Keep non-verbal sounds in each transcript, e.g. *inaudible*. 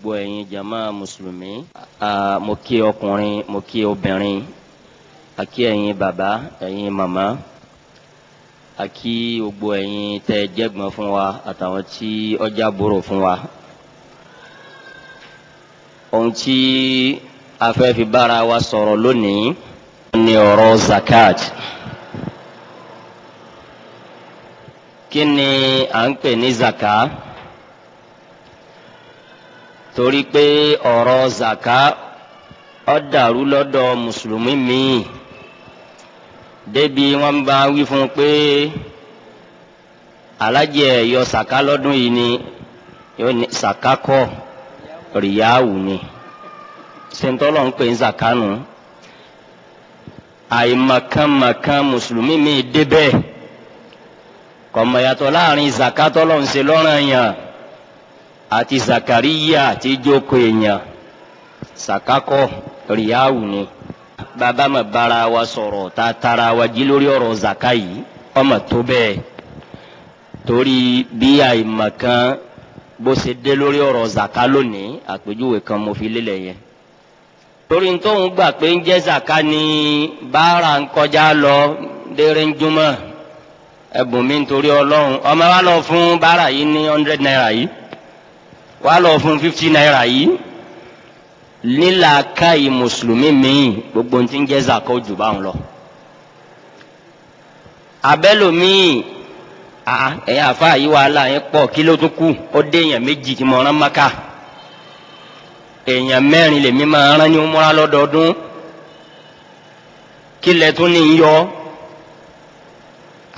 gbogbo ẹ̀yin jama mùsùlùmí mo kí ọkùnrin mo kí obìnrin àkí ẹ̀yin bàbá ẹ̀yin màmá àkí gbogbo ẹ̀yin tẹ́ jẹ́gbọ́n fún wa àtàwọn tí ọjà búrò fún wa. ohun tí a fẹ́ fi bára wa sọ̀rọ̀ lónìí ni ọ̀rọ̀ zakat. kí ni à ń pè ní zakat? torí pé ọ̀rọ̀ zaka ó dàrú lọ́dọ̀ mùsùlùmí míì débi wọ́n bá wí fún un pé alájẹ yọ saka lọ́dún yìí ni yóò ní saka kọ́ rìyáwù ni sentọlọ ń pè ń zakanu àìmọ̀kànmọ̀kàn mùsùlùmí míì débẹ̀ kọ̀mọ̀yàtọ̀ láàrin zakatọ́lọ́ ń ṣe lọ́ranyàn àti zakariya tí jókòó èèyàn sàkákọ ríyáwù ni bàbá mà bára wa sọ̀rọ̀ tá a tara wa jí lórí ọ̀rọ̀ zaka yìí ọmọ tó bẹ́ẹ̀ torí bí àìmọ̀ kan bó ṣe dé lórí ọ̀rọ̀ zaka lónìí àpèjúwe kan mo fi lélẹ̀ yẹn torí tóun gbà pé ń jẹ́ zaka ni báárà ń kọjá lọ déré ń júmọ̀ ẹ̀bùn mi nítorí ọlọ́run ọmọ wa lọ fún báárà yìí ní hundred naira yìí wàá lọ fún fifty naira yìí lílà káyì mùsùlùmí míì gbogbo ní ti ń jẹ́ zàkọ́ jù báwọn lọ. abẹ́lòmíì ẹ̀yin àfa yìí wàhálà yẹn pọ̀ kí ló tún kù ó dé èèyàn méjì tí mo rán maka èèyàn mẹ́rin lèmi máa rán ní múra lọ́dọọdún kí lẹ tún ní yọ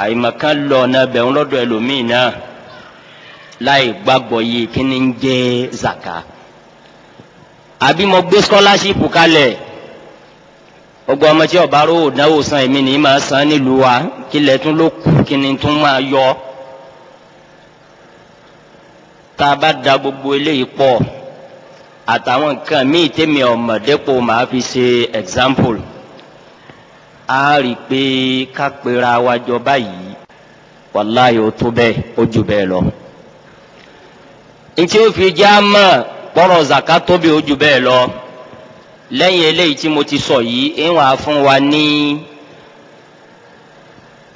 àyìnbá kan lọ ọ̀nà bẹ̀rún lọ́dọ̀ ẹlòmíì náà láì gbàgbọ́ yìí kí ni ń jẹ́ zaka àbí mo gbé scholarship kalẹ̀ gbogbo ọmọ tí ọba rò dáwò san èmi nìyí máa san nílùú wa kí lẹ tún ló kù kí ni tún máa yọ tá a bá da gbogbo eléyìí pọ̀ àtàwọn nǹkan míì tèmi ọmọ dépò màá fi ṣe example a rí i pé ká pera wa jọ báyìí wàláyé tó bẹ́ẹ̀ o jù bẹ́ẹ̀ lọ. ntí ó fi já mọ̀ pọ̀rọ̀ zaka tóbi lọ lẹ́yìn eléyìí tí mo ti sọ yìí ń fún wa ní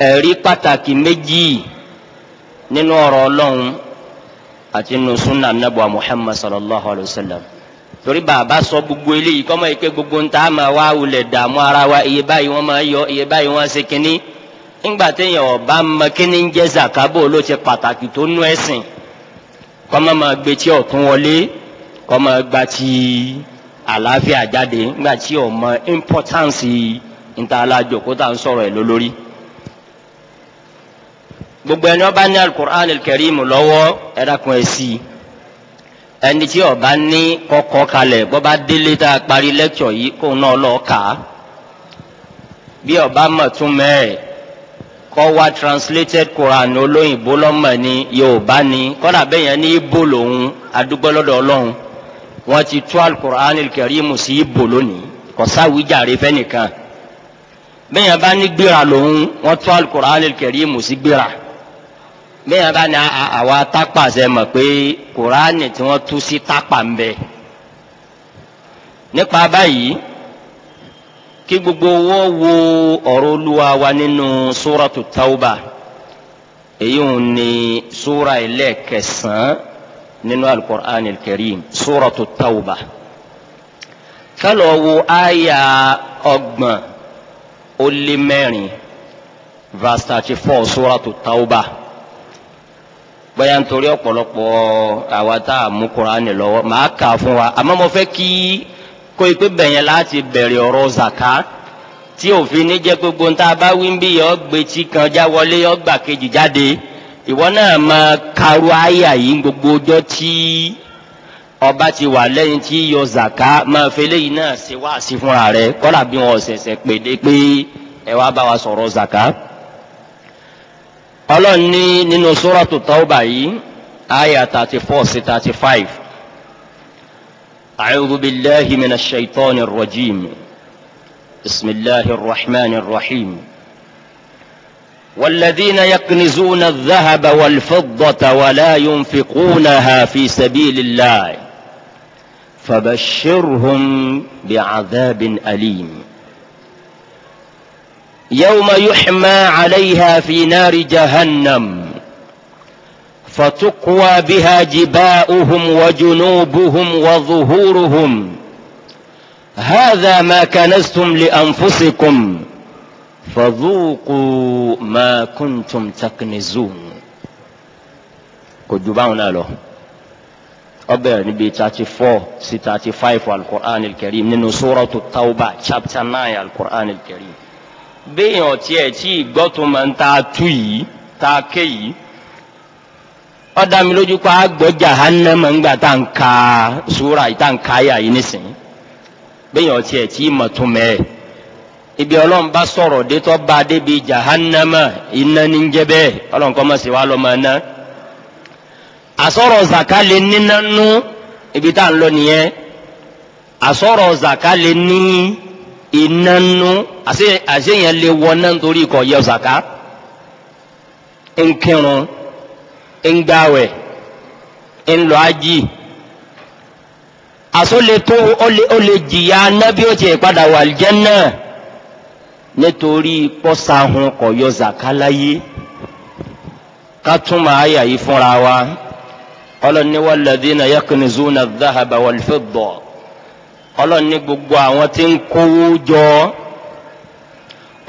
ẹ̀rí pàtàkì méjì nínú ọ̀rọ̀ ọlọ́run àti nínú sunna muhammad sallallahu alayhi wa torí bàbá sọ gbogbo eléyìí kọ́mọ yìí pé gbogbo ń ta máa wá wulẹ̀ dààmú báyìí wọ́n máa yọ iye báyìí wọ́n kínní ńgbà téèyàn ọba mọ kọ́mọ́ máa gbé tí ọ̀tún wọlé kọ́mọ́ gba ti àlàáfíà jáde nígbà tí o mọ importance ntàlájò kó tà ń sọ̀rọ̀ ẹ̀ lólórí. gbogbo ẹni ọba ní alukur'an kẹrìmù lọ́wọ́ ẹ̀dàkùn ẹ̀ sí i ẹni tí ọba ní kọ́kọ́ kalẹ̀ bọ́ba délé tá a parí lẹ́kṣọ̀ yìí kóun náà lọ́ọ́ kà á bí ọba mọ̀ tún mẹ́ẹ̀ kọ́ wá translated Quran olóyìnbó lọ́mọ ni yorùbá ni kọ́dà bẹ́ẹ̀ yẹn ní ibo lòun adúgbò lọ́dọ̀ ọlọ́run wọ́n ti tú alukur'an kẹrìmù sí ibo lónìí kò sáwìjàre fẹ́nìkan bẹ́ẹ̀ yẹn bá ní gbéra lòun wọ́n tú alukur'an kẹrìmù sí gbéra bẹ́ẹ̀ yẹn bá ní àwa tápà ṣe mọ̀ pé Quran tí wọ́n tú sí tápà ń bẹ nípa báyìí kí gbogbo wọ́ wo ọ̀rọ̀ olúwa wa nínú suratu tauba èyí ò ní sura ẹlẹ́ẹ̀kẹsàn-án nínú alukur'an alkarim suratu tauba kálọ̀ wo àyà ọgbọ̀n ó lé mẹ́rin verse thirty four suratu tauba bóyá nítorí ọ̀pọ̀lọpọ̀ àwa tá a mú kur'an lọ́wọ́ màá kà á fún wa àmọ́ mo fẹ́ kí kó e pé bẹ̀yẹn láti bẹ̀rẹ̀ ọ̀rọ̀ zaka tí òfin ní jẹ́ gbogbo nta bá wí ń bí yọ gbèsè kan já wọlé yọ gbà kejì jáde ìwọ náà mọ karu àyà yìí gbogbo ọjọ́ tí ọba ti wà lẹ́yìn tí yọ zaka máa fẹlẹ́ yìí náà ṣe wá sí fúnra rẹ kọ́lá bí wọn ṣẹ̀ṣẹ̀ pèdé pé ẹ wá bá wa sọ̀rọ̀ zaka. ọlọ́run ní nínú Suratu Tawba yìí àyà thirty four sí thirty five. أعوذ بالله من الشيطان الرجيم بسم الله الرحمن الرحيم والذين يكنزون الذهب والفضة ولا ينفقونها في سبيل الله فبشرهم بعذاب أليم يوم يحمى عليها في نار جهنم فتقوى بها جباؤهم وجنوبهم وظهورهم هذا ما كنستم لأنفسكم فذوقوا ما كنتم تكنزون كجباؤنا له أبير نبي 34-35 والقرآن الكريم ننو سورة التوبة chapter 9 القرآن الكريم بيهو تيه تيه قطو من تاتوي تاكيه ọ̀dà mi lójú pa àgbọ̀ jahannama ńgbà tá n ka sura yìí tá n ka yà yìí nísìnyí bẹ́ẹ̀ yàn tiẹ̀ tí mọ̀ tún mẹ́ ibi ọlọ́run bá sọ̀rọ̀ détọ́ bá débi jahannama iná ní ń jẹ́ bẹ́ẹ̀ ọlọ́run kọ́ mọ̀ sí wa lọ́mọ iná àsọ̀rọ̀ zaka lè níná nú ibi tá n lọ nìyẹn àsọ̀rọ̀ zaka lè ní iná nú àṣeyàn lè wọ náà nítorí ikọ̀ yẹ zaka ń ń gbàwẹ̀ ń lọ ájì àsóletún ó lè jìyà anábí ó ti padà wà àlùjánnà nítorí pọ́sàhùn kọ̀yọ zàkáláyé ká tún máa yà yí fúnra wa ọlọ́ni walladhina yaknizuna adh-dhahaba wal-fidda ọlọ́ni gbogbo àwọn tí ń kówó jọ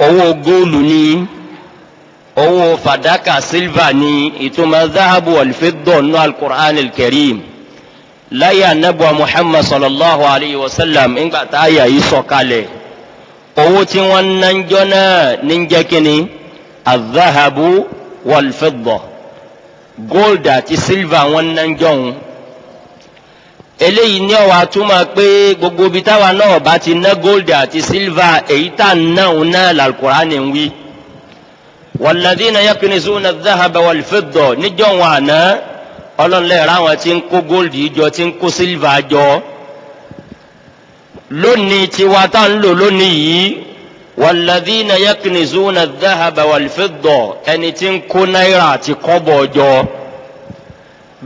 owó góòlù ni owó fàdákà silva ní ìtumọ̀ zahabu alfidọ̀ nù alukur'an alkarim láyé anabuwa muhammad sallallahu alayhi wa sallam ńgbà tá a yà yí sọ̀kalẹ̀ owó tí wọ́n ná ń jọ náà ní jẹ́ kínní azahabu walfidọ̀ gold àti silva wọ́n ná ń jọ̀hún eléyìí ní ọ̀wà túmọ̀ pé gbogbo ibi náà bá ti ná gold àti silva èyí tá à ń náà náà làlùkùránì ń wí wàlladínà yakunizuna dáhàbà wàlfẹ́dọ̀ níjọ́ wọn àná ọlọ́nlẹ́ra àwọn tí ń kó góòlì jọ tí ń kó sílvà jọ lónìí tiwa tá ń lò lónìí yìí wàlladínà yakunizuna dáhàbà wàlfẹ́dọ̀ ẹni tí ń kó náírà àti kọ́bọ̀ jọ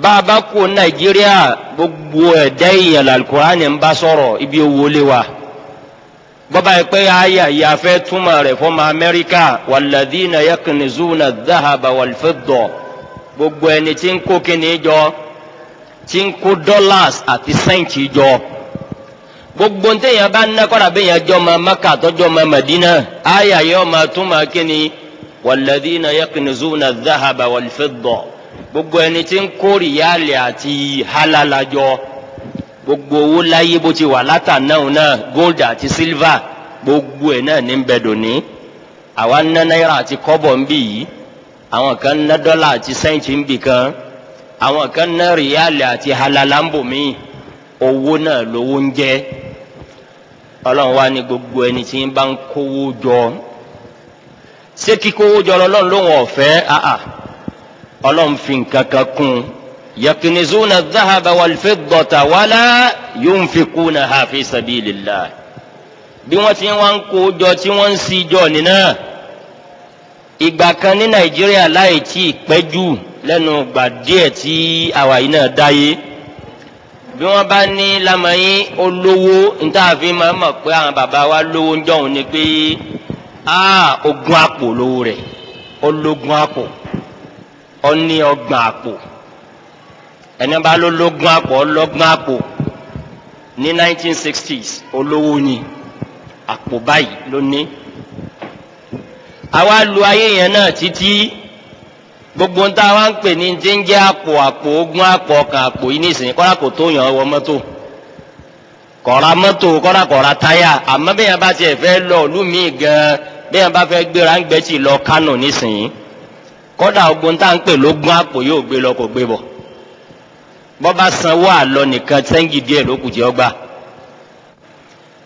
bàbá kó nàìjíríà gbogbo ẹ̀dá èèyàn làlùkùránì ń bá sọ̀rọ̀ ibi owó lé wa bọ́bá yẹ pé àyà yìí a fẹ́ túmọ̀ rẹ̀ fọ́mọ amẹ́ríkà wàlladhina yaknizuna dhahaba wal-fidda gbogbo ẹni tí ń kó kíni jọ tí ń kó dollars àti sẹ́ǹtì jọ gbogbo ntẹ̀yìn bá ná kọ́ra bẹ́yìn ẹjọ́ ma maka tọ́jọ́ ma madina àyà yìí ọmọ túmọ̀ kíni wàlladhina yaknizuna dhahaba wal-fidda gbogbo ẹni tí ń kó rìyálì àti halala gbogbo owó láyé bó ti wà látànáà náà gold àti silver gbogbo ẹ̀ náà ní bẹ dòní àwa ná náírà àti kọ́bọ̀ ń bì yìí àwọn kan ná dọ́là àti sẹ́ǹtì ń bì kan àwọn kan ná rìálì àti halala ń bò míì owó náà lówó ń jẹ́ ọlọ́run wá ní gbogbo ẹni tí ń bá ń kówó jọ ṣé kíkówó jọ lọ́lọ́run lóun ọ̀fẹ́ ọlọ́run fi nǹkan kan kún un. يكنزون الذهب والفضة ولا ينفقونها في سبيل الله bí wọ́n ti wá ń kó jọ tí wọ́n ń si jọ nínà ìgbà kan ní nàìjíríà láì tí ì pẹ́ jù lẹ́nu gbà díẹ̀ tí àwa yìí náà dáyé bí wọ́n bá ní lamọ̀yìn olówó nítàfin máa mọ̀ pé àwọn bàbá wa lówó ń jọ̀hún ni pé ogun àpò lówó rẹ̀ ológun àpò ó ní ọgbọ̀n àpò ẹni bá ló lógún àpò ọlọ́gbọ́n àpò ní 1960s olówó ni àpò báyìí ló ní àwa lu ayé yẹn náà títí gbogbo ń tá a wá ń pè ní ti ń jẹ́ àpò àpò ogún àpò ọkàn àpò yìí nísìnyí kọ́ra kò tó yàn wọ mọ́tò kọ́ra mọ́tò kọ́ra kọ́ra táyà àmọ́ bẹ́ẹ̀ yẹn bá tiẹ̀ fẹ́ lọ ìlú mi gan-an bẹ́ẹ̀ yẹn bá fẹ́ gbéra ń gbẹ́tì lọ Kánò nísìnyí kọ́dà ogun tá à ń pè lógún àpò yóò gbé lọ kò gbé bọ̀ bọ́ba sanwó àlọ nìkan sẹ́ńgì díẹ̀ ló kù jẹ́ ọgbà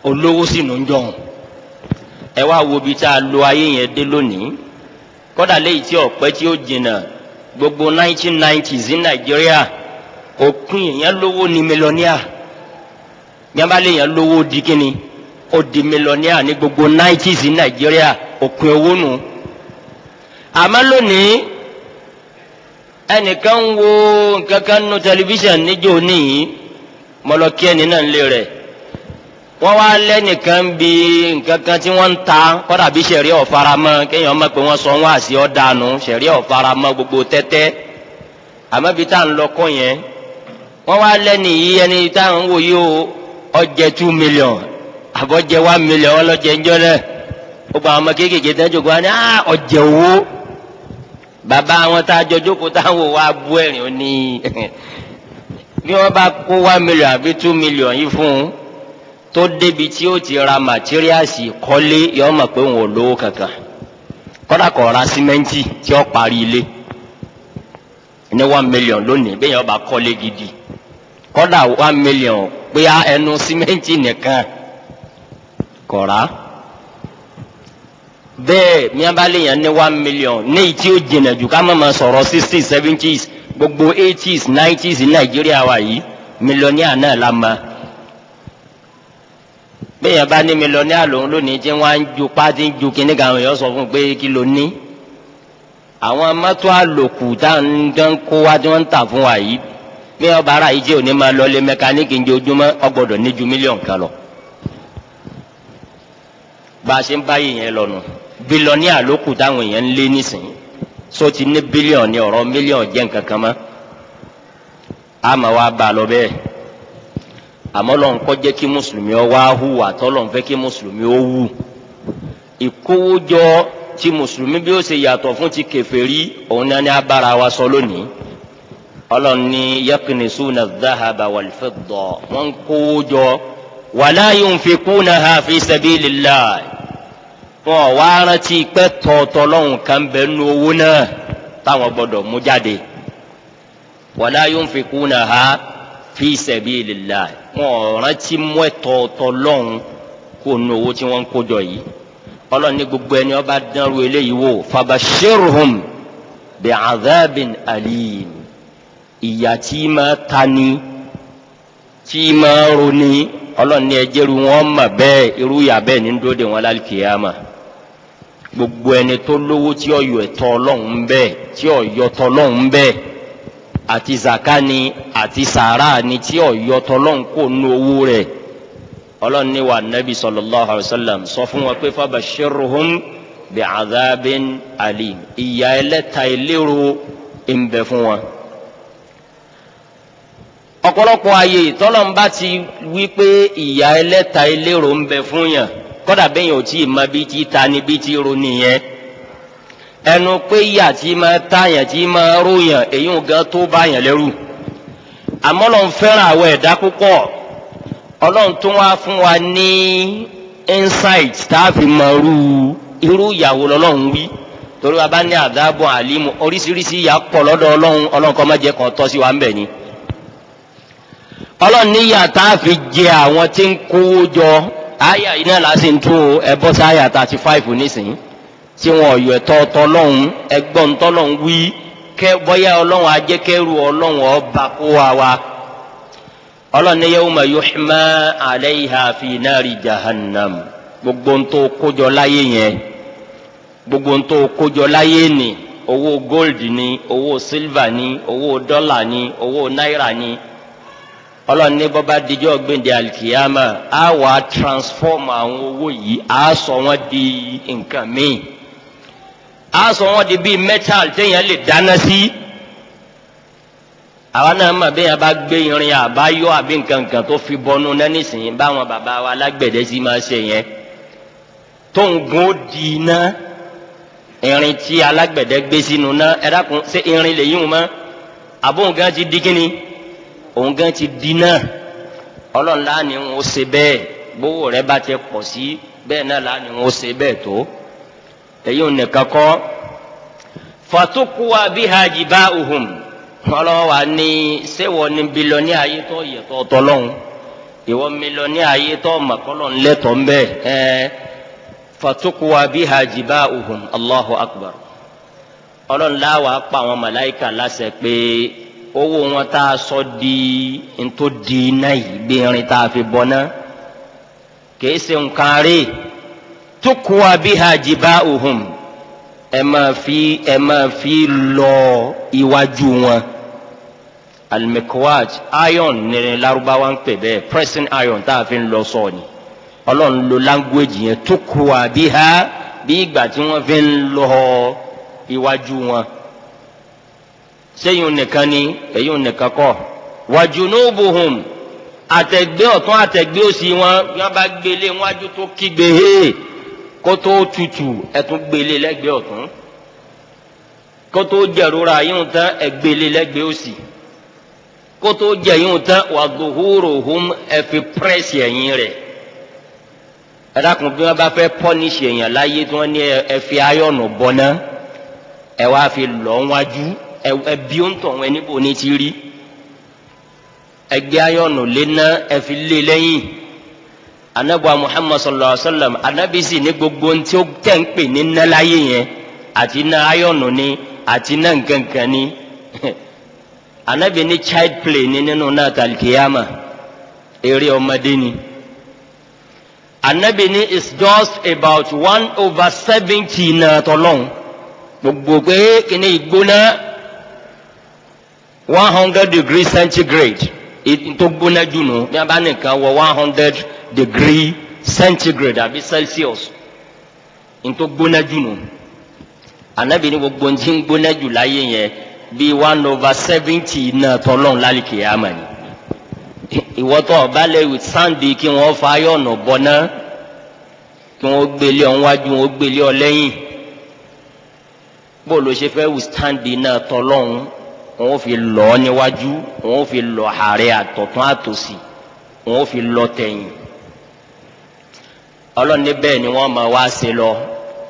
olówó sì nù ń jọ̀hún ẹ wá wo ibi tá a lo ayé yẹn dé lónìí kọ́dà léyìí tí ọ̀pẹ́ tí ó jìnnà gbogbo 1990s ní nàìjíríà òkun èèyàn lówó ni mílíọ̀nìà yánbálẹ̀ èèyàn lówó di kíni ó di mílíọ̀nìà ní gbogbo 90s ní nàìjíríà òkun owó nù àmọ́ lónìí ẹnìkan ń wo nǹkan kan nu tẹlifíṣàn níjó níyìí mọlọkí ẹni náà ń lé rẹ̀ wọ́n wá lẹ́nìkan bí nǹkan kan tí wọ́n ń ta kọ́dà bí sẹ̀rí ọ̀faramọ́ kéèyàn mọ̀ pé wọ́n sọ wọ́n àti ọ̀dànù sẹ̀rí ọ̀faramọ́ gbogbo tẹ́tẹ́ àmọ́ bí tá à ń lọ kọ́ yẹn wọ́n wá lẹ́ni yìí ẹni tá à ń wò yìí o ọjẹ́ two million àbọ̀jẹ́ one million ọlọ́jẹ́ ń jọ́ náà gbogbo àwọn ọmọ kéékèèké tẹ́jọ́ gbọ́ ni ọjẹ́ owó bàbá wọn tá a jọ jókòó táwọn wá bú ẹ̀rín ó ní bí wọ́n bá kó one million àbí two million yìí fún un tó débi tí ó ti ra materials kọ́lé yọ mọ̀ pé òun ò lówó kankan kọ́dà kọ́ ra símẹ́ǹtì tí ó parí ilé ní one million lónìí bẹ́ẹ̀ yẹn bá kọ́lé gidi kọ́dà one million pé ẹnu símẹ́ǹtì nìkan kọ̀ra bẹ́ẹ̀ miabali yẹn ní one million ní ìtí ó jìnnà jù ká mọ̀mọ́ sọ̀rọ̀ sixty seventies gbogbo eighties nineties ní nàìjíríà wa yìí mílíọ̀nìà náà la ma bẹ́ẹ̀ yẹn bá ní millionaire. lòun lónìí tí wọ́n á ju pátí ń ju kíní kan yọ sọ fún un pé kí ló ní àwọn mọ́tò àlòkù tá à ń dán kó wá tí wọ́n ń tà fún wa yìí bí wọ́n bá yìí jẹ́ òní máa lọ lé mẹkáníìkì ní ojúmọ́ ọgbọ́dọ̀ ní ju mílíọ̀n kan lọ bá a ṣe ń báyìí yẹn lọ bílíọ̀nì àlòkù táwọn èèyàn ń lé nísìnyí so ti ní bílíọ̀nù ní ọ̀rọ̀ mílíọ̀nù jẹ́ nǹkan kan mọ́ àmọ́ wa bá a lọ bẹ́ẹ̀ àmọ́ lọ́n kọ́ jẹ́ kí mùsùlùmí ọ wá hùwà tọ́lọ́n fẹ́ kí mùsùlùmí ó wù ìkówójọ ti mùsùlùmí bí ó ṣe yàtọ̀ fún ti kèfèrí òun náà ní abára wa sọ lónìí ọlọ́run ní yakinisuna dhahaba walfidda wọ́n kówójọ wala yunfikuna ha fi sabilillah wọn wá rántí pẹ́ tọ̀ọ̀tọ̀ lọ́hùn kan bẹ́ẹ̀ nu owó náà táwọn gbọ́dọ̀ mú jáde wala yunfikunaha fi sabilillah wọn rántí mú ẹ̀tọ̀ọ̀tọ̀ lọ́hùn kó nu owó tí wọ́n ń kójọ yìí ọlọ́run ní gbogbo ẹni ó dánrú eléyìí wò fabashirhum bi'adhabin alim ìyà tí máa tani tí máa roni ọlọ́run ní ẹjẹ́rú wọn mà bẹ́ẹ̀ irú ìyà bẹ́ẹ̀ ní dóde wọn lálùkìyàmà gbogbo ẹni tó lówó tí ọyọ ẹ̀tọ́ Ọlọ́run bẹ́ẹ̀ tí ọyọtọ Ọlọ́run bẹ́ẹ̀ àti zaka ni àti sàrà ni tí ọyọtọ Ọlọ́run kò nu owó rẹ̀ Ọlọ́run ní wa nabi sallallahu alayhi wa sallam sọ fún wa pé fabashirhum bi azabin alim ìyà ẹlẹ́ta ìlérò ń bẹ fún wa ọ̀pọ̀lọpọ̀ ayé tọ́lọ́mbà ti wí pé ìyà ẹlẹ́ta ìlérò ń bẹ fún yàn kọ́dà bẹ́yìn ò tí ì mọ bí ti ta ni bí ti ro nìyẹn ẹnu pé yà tí ma tààyàn tí ma ròyàn èyí ò gan tó báyàn lẹ́rù àmọ́ lọ́n fẹ́ràn àwọn ẹ̀dá púpọ̀ ọlọ́run tó wá fún wa ní insight tá a fi mọ irú ìyàwó lọ́lọ́run wí torí wa bá ní àdábọ̀ àlímù oríṣiríṣi ìyà pọ̀ lọ́dọ̀ ọlọ́run ọlọ́run kọ́ má jẹ́ kàn tọ́ sí wa ń bẹ̀ ni ọlọ́run níyà tá a fi jẹ àwọn tí ń kówó jọ áyà yìí náà láti ń tún o ẹ bọ́ sí áyà thirty five nísìnyí tí wọn ò yọ ẹ̀tọ́ tọlọ́hún ẹgbọ́n tọlọ́hún wí kẹ bọ́yá ọlọ́hún ajẹ́kẹ́rù ọlọ́hún ọba kó wa wa ọlọ́hún ní yawma yuhma fi nari jahannam gbogbo ń tó kójọ láyé yẹn gbogbo ń tó kójọ láyé ni owó gold ni owó silver ni owó dọ́là ni owó náírà ni. ọlọ́run ní bọ́bá dijọ́ gbẹ̀ndẹ̀ alikiyama á wà á transform àwọn owó yìí á sọ wọ́n di nǹkan míì á sọ wọ́n di bíi metal téèyàn lè dáná sí àwa náà mà béèyàn bá gbé irin àbáyọ àbí nǹkan nǹkan tó fi bọnú náà nísìnyí báwọn bàbá wa alágbẹ̀dẹ sí máa ṣe yẹn tó ń gun ó di iná irin tí alágbẹ̀dẹ gbé sínú náà ẹ dákun ṣé irin lè yí mọ́ àbóǹgá ti di kíni. òun gan ti di náà ọlọ́run láàánú wọn ó bẹ́ẹ̀ gbowó rẹ bá ti pọ̀ sí bẹ́ẹ̀ náà bẹ́ẹ̀ tó èyí ò nìkan kọ́ fatukuwa biha jiba'uhum ọlọ́wọ́ wa ní sẹ́wọ̀ ní bílíọ̀nì ayé tó ìwọ ayé tó mọ̀kọ́lọ́ Allahu akbar pa àwọn màláìka láṣẹ pé. owó wọn tá a sọ di ntó di iná yìí bí irin tá a fi bọ ná kìí ṣe nǹkan rí tukwa biha jiba'uhum ẹ máa fi ẹ máa fi lọ iwájú wọn almikwaj iron ní Lárúbáwá ń pè bẹ́ẹ̀ pressing iron tá a fi ń lọ sọ ni Ọlọ́run lo language yẹn tukwa biha bí ìgbà tí wọ́n fi ń lọ iwájú wọn sẹ́yìn nìkan ni ẹ̀yìn nìkan kọ́ wàjúnúbùhùn àtẹ̀gbẹ́ ọ̀tún àtẹ̀gbẹ́ òsì wọn yọ́n bá gbélé wájú tó kígbe hé kó tó tutù ẹ̀tún gbélé lẹ́gbẹ́ ọ̀tún kó tó jẹ̀rora yín tán ẹ̀gbélé lẹ́gbẹ́ òsì kó tó jẹ yín tán wàdúhùrùhùn ẹ̀fi pírẹ́sì ẹ̀yìn rẹ̀ ẹ̀dàkùn bí wọ́n bá fẹ́ pọ́nìṣì èèyàn láyé tí wọ́n ní ẹ̀fi ayọ̀nù bọ́ná ẹ̀ wá fi lọ́ wájú ẹbí ó ń tọ̀ wọn níbo ní ti rí ẹgbẹ́ ayọ̀nù lẹ́nà ẹ̀fi lé lẹ́yìn anabu muhammad sallallahu alaihi wa sallam anabi sì ní gbogbo ohun tí ó tẹ̀ ń pè ní náláyé yẹn àti ná ayọ̀nù ni àti ná nkankan ni anabi *laughs* ní child play ni nínú náà tàlkìyàmà eré ọmọdé ni anabi ní is just about one over seventy náà tọ́lọ́hún gbogbo pé kíní ìgbóná one hundred degree centigrade tó gbóná jù nù bí wọ́n bá nìkan wọ one hundred degree centigrade àbí celsius tó gbóná jù nù anabi ni gbogbo ntí ń gbóná jù láyé yẹn bíi one over seventy náà tọ́lọ́n lálìkè àmà ni ìwọ́tọ̀ ọ̀bálẹ̀ with sandy kí wọ́n fa ayọ̀nà bọ́ná kí wọ́n gbélé ọ̀hún wájú wọ́n gbélé ọ lẹ́yìn bó ló ṣe fẹ́ with sandy náà tọ́lọ́hún wọn ó fi lọ ọ níwájú wọn ó fi lọ ààrẹ àtọ̀tún àtòsì wọn ó fi lọ tẹ̀yìn ọlọ́ni bẹ́ẹ̀ ni wọ́n máa wá ṣe lọ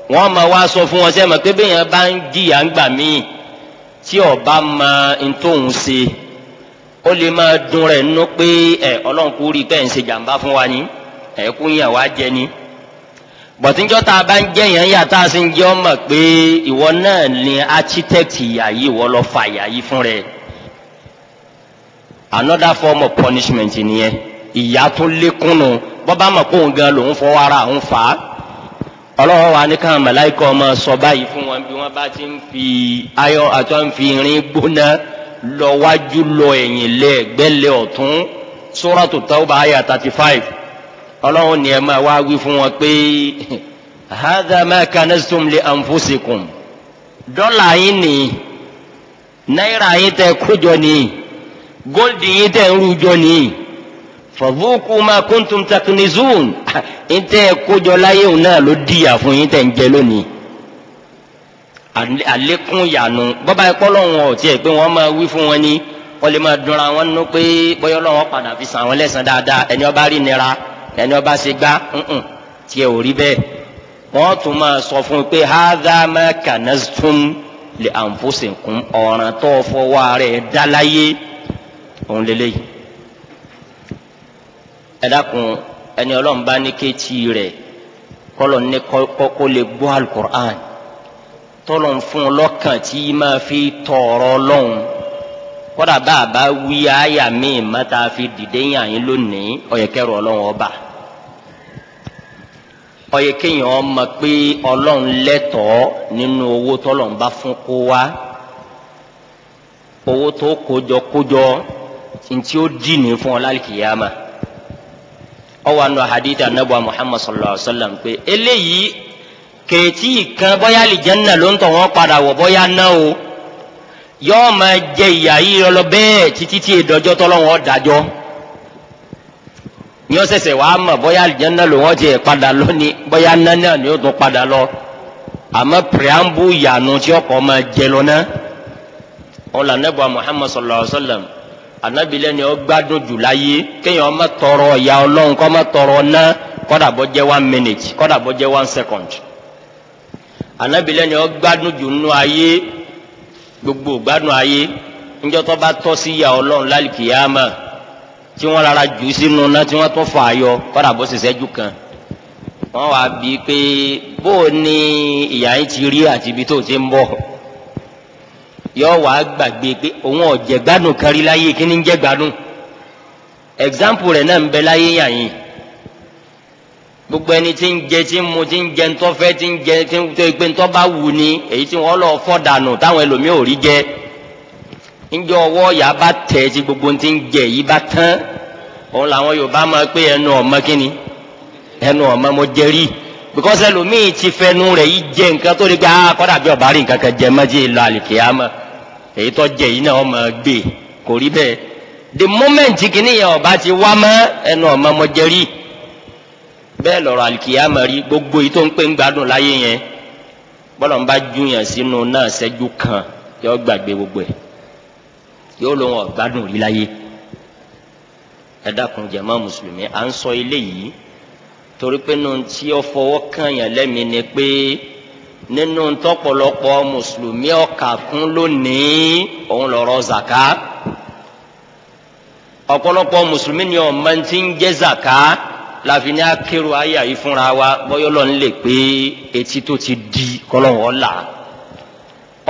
wọ́n máa wá sọ fún wọn sẹ́yìn mọ̀ pé bẹ́ẹ̀ bá ń jìyà ń gbà míì tí ọba ma ń tóun ṣe ó lè máa dùn rẹ̀ nínú pé ẹ ọlọ́run kúrì bẹ́ẹ̀ ń ṣe jàǹbá fún wa ni ẹ kú yàn wá jẹ ni bọ̀tíjọ́ tá a bá ń jẹ́ yẹn yà tá a sì ń jẹ́ ọmọ pé ìwọ náà ni architect ìyá yìí ìwọ lọ fa ìyá yìí fún rẹ another form of punishment nìyẹn ìyá tún lékún nù bọ́bá mọ̀ pé òun gan lòun fọwọ́ ara òun fà á ọlọ́wọ́ wa ní káwọn màláìkà ọmọ sọ báyìí fún wọn bí wọ́n bá ti ń fi ayọ̀ àtọ́ ń fi irin gbóná lọ wájú lọ ẹ̀yìn lẹ́ẹ̀gbẹ́lẹ́ ọ̀tún Suratu Tawbah àyà thirty five ọlọ́run ni ẹ máa wá wí fún wọn pé hadha ma kanaztum li anfusikum dọ́là yín ni náírà yín tẹ kójọ ni góòlì yín tẹ ń rújọ ni fadhuku ma kuntum taknizun yín tẹ kójọ láyé òun náà ló dìyà fún yín tẹ ń jẹ lónìí àlékún yànú bọ́bá ẹ̀kọ́ lọ́wọ́ ọ̀tí pé wọ́n máa wí fún wọn ni wọ́n lè máa dunra wọn nínú pé bọ́yọ́ lọ́wọ́ padà fi sàn àwọn lẹ́sàn dáadáa ẹni ọba rí nira ẹni ọba ṣe gbá nǹkan tí ẹ ò rí bẹ́ẹ̀ wọ́n tún máa sọ fún un pé hadha ma kanaztum li anfusikum ọ̀ràn tó fọwọ́ rẹ̀ dáláyé òun lélẹ́yìí ẹ dákun ẹni ọlọ́run bá ní kéétì rẹ̀ kọ́lọ̀ ní kọ́kọ́ lè gbọ́ alukur'an tọ́lọ̀ ń fún un lọ́kàn tí máa fi tọ̀ọ̀rọ̀ ọlọ́run kọ́dà bá a bá wí àyà míì má ta fi dìde yàn yín lónìí ọ̀yẹ̀kẹ́rù ọlọ́run ọba ó yẹ kéèyàn ó mọ̀ pé Ọlọ́run lẹ́tọ̀ọ́ nínú owó tọ́lọ́run bá fún kó wá owó tó kójọ kójọ ntí ó dì ní fún ọ lálkìyàmà ọwọ hadith anabuwa muhammad sallallahu alaihi wa sallam pé eléyìí kèétí kan bóyá àlìjánná ló ń tọ̀ wọ́n padà wọ̀ bóyá ná o yọ́ọ́ máa jẹ ìyà yìí lọ bẹ́ẹ̀ títí tí èdòjọ́ tọ́lọ́wọ́n dájọ́ ní ó ṣẹ̀ṣẹ̀ wàá mọ̀ bóyá àlìjánná ló wọ́n ti padà lọ ni bóyá nánà ni ó tún padà lọ àmọ́ pìrìàmbù yànú tí ọkọ̀ máa jẹ lọ náà ọ̀là nẹ́bùà Muhammad sallallahu alayhi wa sallam anabilẹ ni ọ gbádùn jù láyé kéèyàn má tọrọ ìyà Ọlọ́run kó má tọrọ náà kódà bó jẹ́ one minute kódà bó jẹ́ one second anabilẹ ni ọ gbádùn jù nù ayé gbogbo gbádùn ayé ńjọ́ tó bá tọ́ sí ìyà Ọlọ́run lálùkìyàmá tí wọ́n rárá jù sínú iná tí wọ́n tún fà á yọ kọ́dà bó ṣe ṣẹ́jú kan wọ́n wá bí i pé bó o ní ìyá yín ti rí àti ibi tó ti ń bọ̀ yọ wá gbàgbé pé òun ọ̀jẹ̀ gbádùn kan láyé kí ni ń jẹ́ gbádùn example rẹ̀ náà ń bẹ láyé yàn yìí gbogbo ẹni tí ń jẹ tí ń mu tí ń jẹ ńtọ́fẹ́ tí ń jẹ tí ń tó ńtọ́ bá wù ní èyí tí wọ́n lọ fọ́ dànù táwọn ẹlòmíì ò rí jẹ njẹ́ ọwọ́ yà bá tẹ̀ tí gbogbo ti ń jẹ yìí bá tán òun làwọn Yorùbá máa pé ẹnu ọmọ kínni ẹnu ọmọ mo jẹ rí because ẹlòmíì ti fẹnu rẹ̀ yìí jẹ nǹkan tó lè gbé ah kọ́dà bí ọ̀bá rí nǹkan kan jẹ mọ́tí ìlọ àlìkìyàmọ́ èyí tó jẹ yìí náà ọmọ gbé kò rí bẹ́ẹ̀ the moment kìíní yẹn ọba ti wá mọ́ ẹnu ọmọ mo jẹ rí bẹ́ẹ̀ lọ̀rọ̀ àlìkìyàmọ́ rí gbogbo yìí tó ń pè ń gbádùn láyé yẹn bọ́lọ̀ ń bá júyàn sínú náà ṣẹ́jú kan yọ gbàgbé gbogbo ẹ̀ yóò lóun ọ̀gbádùn rí láyé ẹ dákun jàmá mùsùlùmí à ń sọ eléyìí torí pé nínú tí ó fọwọ́ kàn yàn lẹ́mí ni pé nínú tọ́pọ̀lọpọ̀ mùsùlùmí ọ̀kà kún lónìí òun lọ́rọ̀ zaka ọ̀pọ̀lọpọ̀ mùsùlùmí ni ọ̀mọ ti ń jẹ́ zaka láfi ní akérò ayé yìí fúnra wa bọ́yọ́lọ́ ń lè pé etí tó ti di kọ́lọ́hún ọ̀la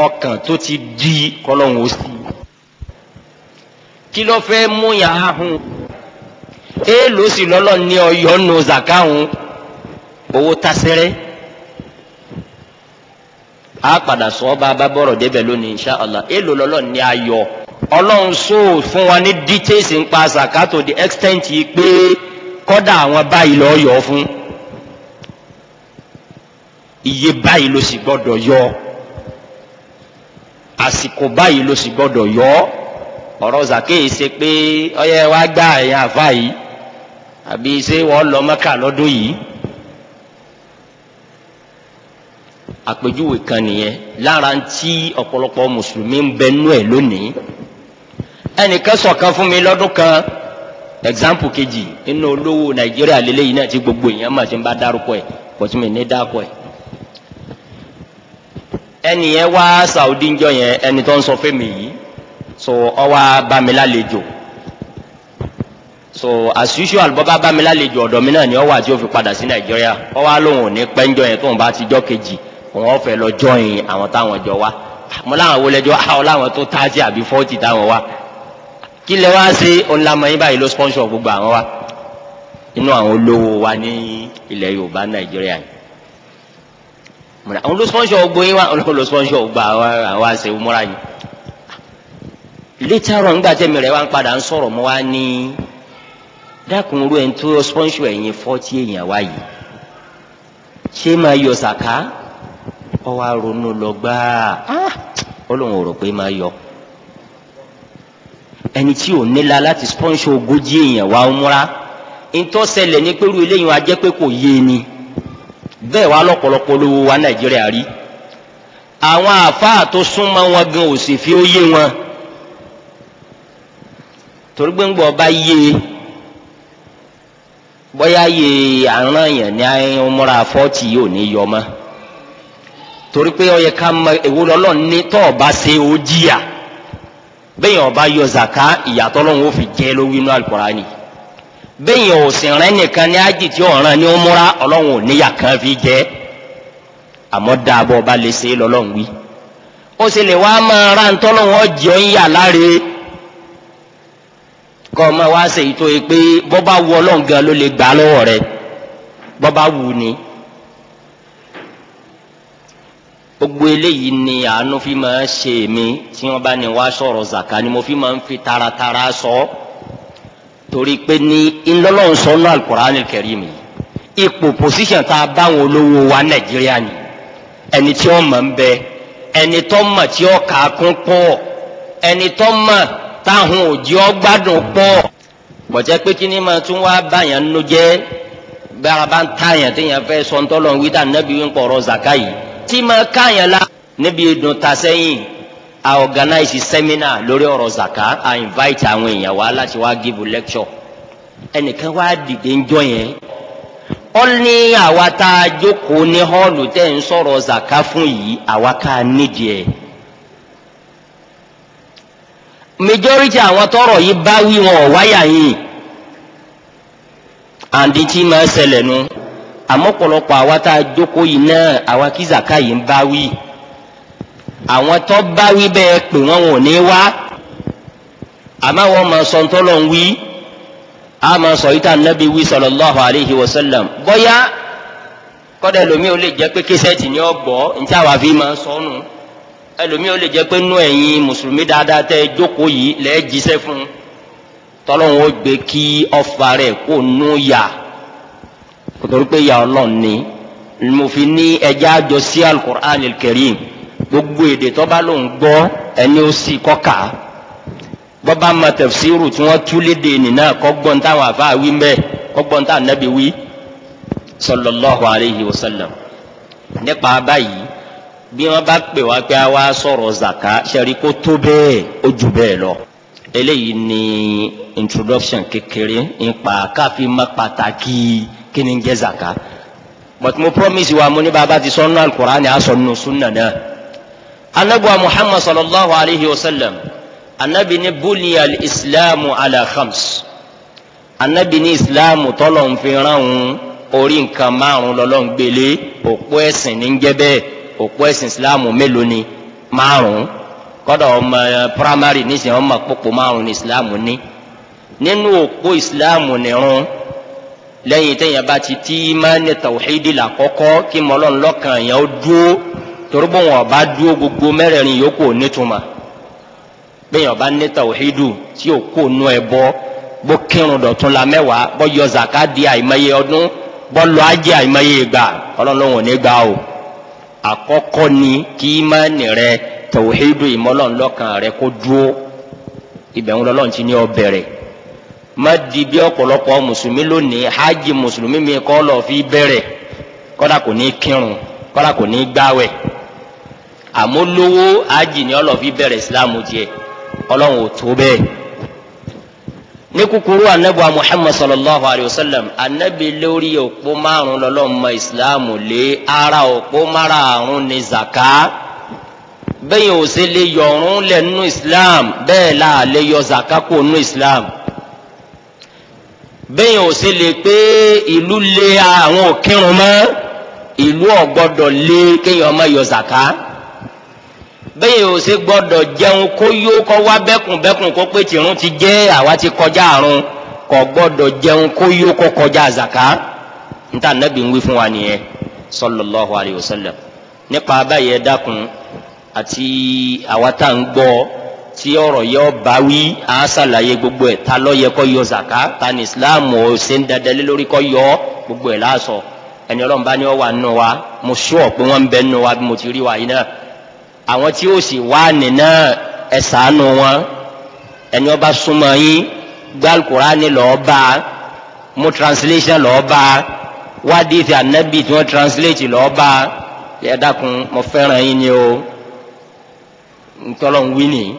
ọkàn tó ti di kọ́lọ́hún ó sì kí ló fẹ́ mú yàn á hun èèlò sì lọ́lọ́ ní ọyọ́ nù zaka hun owó tasẹ́rẹ́ a padà sọ ọba abábọ̀rọ̀ débẹ̀ lónìí insha Allah èèlò lọ́lọ́ ní ayọ̀ ọlọ́run sọ fún wa ní details ń pa zaka to the extent yìí pé kọ́dà àwọn báyìí lọ́ọ́ yọ fún iye báyìí ló sì gbọ́dọ̀ yọ àsìkò báyìí ló sì gbọ́dọ̀ yọ ọ́. ọ̀rọ̀ zakei ṣe pé ọyẹ wa gbá àfa yìí àbí ṣé wọ́n lọ lọ́dún yìí. àpèjúwe kan nìyẹn lára ń tí ọ̀pọ̀lọpọ̀ mùsùlùmí ń bẹ nú ẹ̀ lónìí ẹnìkan sọ̀kan fún mi lọ́dún kan example kejì nínú olówó nàìjíríà náà tí gbogbo èèyàn ń bá dárúkọ ẹ̀ pọ̀tún mi ní ẹ̀. ẹnìyẹn wá so ọwọ́ abamilálejò so as usual bọ́ bá bamilálejò ọ̀dọ̀ mi náà ni ọwọ́ àti òfin padà sí nàìjíríà ọwọ́ alóhùn òní pẹ́ńjọ yẹn tóun bá ti jọ́ kejì òun ọ̀fẹ́ lọ jọyìn àwọn táwọn jọ wá mo láwọn wọlé jọ *laughs* àwọn láwọn tó táàtì àbí fọ́ọ̀tì táwọn wá kí lẹ wá sí ọ̀làmọ̀yìn báyìí ló sponsor gbogbo àwọn wa inú àwọn olówó wa ní ilẹ̀ yorùbá nàìjíríà yìí àwọn ló sponsor gbogbo yín wa *laughs* ló gbogbo àwa àwa ṣe létàrọ̀ ńgbà tẹ̀mí rẹ̀ wá ń padà ń sọ̀rọ̀ mọ́ wa ní dákun ru ẹni tó spọ́nṣù ẹ̀yìn fọ́tí èèyàn wá yìí ṣé máa yọ sàká ọ wá ronú lọ gbáà ah! ó lóun ò rò pé máa yọ ẹni tí ò nílá láti spọ́nṣù ogójì èèyàn wá múra ntọ́ ṣẹlẹ̀ ní pẹ̀lú eléyìí wọn ajẹ́ pé kò yé ni bẹ́ẹ̀ wá lọ́pọ̀lọpọ̀ olówó wa Nàìjíríà rí àwọn àáfàá tó súnmọ́ wọn gan ò fi ó yé wọn torí pé ńgbọ́ bá yé e bóyá yé e àrùn àyàn ní múra fọ́ọ̀tì yóò ní yọ mọ́ torí ká mọ èwo ní tọ́ ọ bá ṣe bẹ́ẹ̀ ọba yọ zaka ìyàtọ̀ lọ́hùn ó fi jẹ́ lówí inú Al-Qur'ani bẹ́ẹ̀ ò sì rẹ́ nìkan ní ájì tí ọ̀ràn ní ó múra ọlọ́run ò níyà kan fi jẹ́ àmọ́ dáàbọ̀ ọba lè ṣe é wí ó sì lè wá máa ra ntọ́lọ́run ọ̀jẹ̀ ń yà láre kọ́ ọmọ wa ṣe ìtò yìí pé bọ́bá wu ọlọ́run gan ló lè gbà lọ́wọ́ rẹ bọ́bá wu ni. gbogbo eléyìí ni àánú fi máa ṣe mí tí wọ́n bá ní wá sọ̀rọ̀ zaka ni mo fi máa ń fi taratara sọ ọ́ torí pé ní ńlọ́lọ́run sọ ní alukur'an kẹrìm mi ipò pòsíṣàn tá a báwọn olówó wa nàìjíríà ni ẹni tí ó mọ̀ ń bẹ ẹni tó mọ̀ tí ó kún pọ̀ ẹni tó mọ̀ táwọn òjì ọgbádùn pọ̀ bọ̀jẹ́ pé kí ni máa tún wá báyàn nínú jẹ́ bára bá ń tààyàn téèyàn fẹ́ sọ ń tọ́lọ̀ ń wí tàn nẹ́bí ń pọ̀rọ̀ zaka yìí tí máa káyàn la níbi ìdùn ta sẹ́yìn a organize seminar lórí ọ̀rọ̀ zaka a invite àwọn èèyàn wá láti wá give lecture ẹnìkan wá dìde ń jọ yẹn ó ní àwa tá a jókòó ní hall tẹ́ ń sọ̀rọ̀ zaka fún yìí àwa ká nídìí ẹ̀ majority àwọn tọrọ yìí bá wí wọn ò wáyà yìí àǹdí tí máa ṣẹlẹ̀ nu àmọ́ pọ̀lọpọ̀ àwa tá a jókòó yìí náà àwa kí zaka yìí ń bá wí àwọn tó bá wí bẹ́ẹ̀ pè wọ́n wọn ní wá àmọ́ àwọn ọmọ sọ̀ńtọ́ lọ́n wí àmọ́ sọ̀yìntà nàbí wí sallallahu alayhi wa sallam bọ́yá kọ́dà lómi ò lè jẹ́ pé kí sẹ́ẹ̀tì ni ọ gbọ́ ní fi máa sọ́nù. So ẹlòmíì ó lè jẹ́ pé nú ẹ̀yin mùsùlùmí dáadáa tẹ́ ẹ jókòó yìí lẹ́ jíṣẹ́ fún un tọ́lọ́hún ó gbé kí ọfà rẹ̀ kó nú yà kòtòrí pé yà ọlọ́run ni mo fi ní ẹja àjọ sí alukur'an kẹrim gbogbo èdè tọ́ba ló ń gbọ́ ẹni ó sì kọ́ka bọ́ba ma tí wọ́n tú léde nìna kọ́ táwọn àfa wí mbẹ́ kọ́ gbọ́n nàbí wí sallallahu alayhi wa sallam nípa báyìí bí wọ́n bá pè wá pé a wá sọ̀rọ̀ zaka sẹ́rí kó tó bẹ́ẹ̀ ó jù bẹ́ẹ̀ lọ. eléyìí ni introduction kékeré nípa káfí má pàtàkì kí ni zaka but mo promise wa mo ní bàbá ti sọnù alukur'ani a sọnù sunna náà. anabuwa muhammad sallallahu alayhi wa sallam anabi ni buniya islamu ala khams anabi ni islamu tọ́lọ̀ ń fi ràn ún orí nǹkan márùn-ún òpó ẹ̀sìn ní ń bẹ́ẹ̀ òpó ẹ̀sìn ìsìláàmù mélòó ni márùn-ún kọ́dọ̀ ọmọ eh, primary nísìnyí ọmọ pópó márùn-ún ní Islamu ní nínú òpó ìsìláàmù nìrun lẹ́yìn tẹ́yìn bá ti tí imáni tàwíìdì làkọ́kọ́ kí mọ́lọ́n lọ́kàn yẹn ó dúó torí bó wọn bá dúó gbogbo mẹ́rẹ̀ẹ̀rin yòókù nítumọ̀ bẹ́yìn ọba ní tàwíìdù tí ò kó nu ẹ bọ́ bó kírun dọ̀tún la mẹ́wàá bó yọ zaka di àìmọye ọdún bó lọ ajé àìmọye ìgbà ọlọ́run ò ní gbà o. àkọ́kọ́ ni kí ìmánì rẹ tawhidu ìmọ̀lọ́nlọ́kan rẹ kó dúró ibẹ̀ ń ti ní ọ má di bí ọ̀pọ̀lọpọ̀ mùsùlùmí lónìí hajj mùsùlùmí mi kọ́ lọ fi bẹ̀rẹ̀ kọ́dà kò ní kírun kọ́dà kò ní gbáwẹ̀ hajj ni ọlọ́ọ̀ fi bẹ̀rẹ̀ islam ọlọ́run ò tó bẹ́ẹ̀ ní kúkúrú anabiwa muhammad sallallahu alayhi wa sallam anabi lórí òpó márùn lọlọ́mọ ìsìláàmù lé ara òpó márùn ní zaka bẹ́ẹ̀ ò sì lè yọ̀rún lẹ̀ nínú islam bẹ́ẹ̀ la lè yọ zaka kó nínú islam bẹ́ẹ̀ ò sì lè pé ìlú lé àwọn òkírun mọ́ ìlú ọ̀gbọ́dọ̀ lé kéèyàn má yọ zaka. bẹ́yìn ò sí gbọ́dọ̀ jẹun kó yó kọ́ wá bẹ́kùnbẹ́kùn kó pé tìrún ti jẹ́ àwa ti kọjá àrùn kò gbọ́dọ̀ jẹun kó yó kọ́ kọjá àzàká níta nẹ́bí ń wí fún wa nìyẹn sallallahu alayhi nípa báyẹn dákun àti àwa tá à ń gbọ́ tí ọ̀rọ̀ gbogbo ẹ̀ ta yẹ yọ zàká ta islam ò ń dandan yọ gbogbo ẹ̀ láàṣọ ẹni ọlọ́run bá ní ọ wà nù wa mo pé wọ́n ń wa bí àwọn tí ó sì wá nìna ẹ ṣàánú wọn ẹni ó súnmọ́ yín gbé lọ́ọ́ bá mú translation lọ́ọ́ bá wádìí ti anabi tí wọ́n translate lọ́ọ́ bá ẹ dákun mo fẹ́ràn yín ni o ntọ́lọ́ ń wí nìyí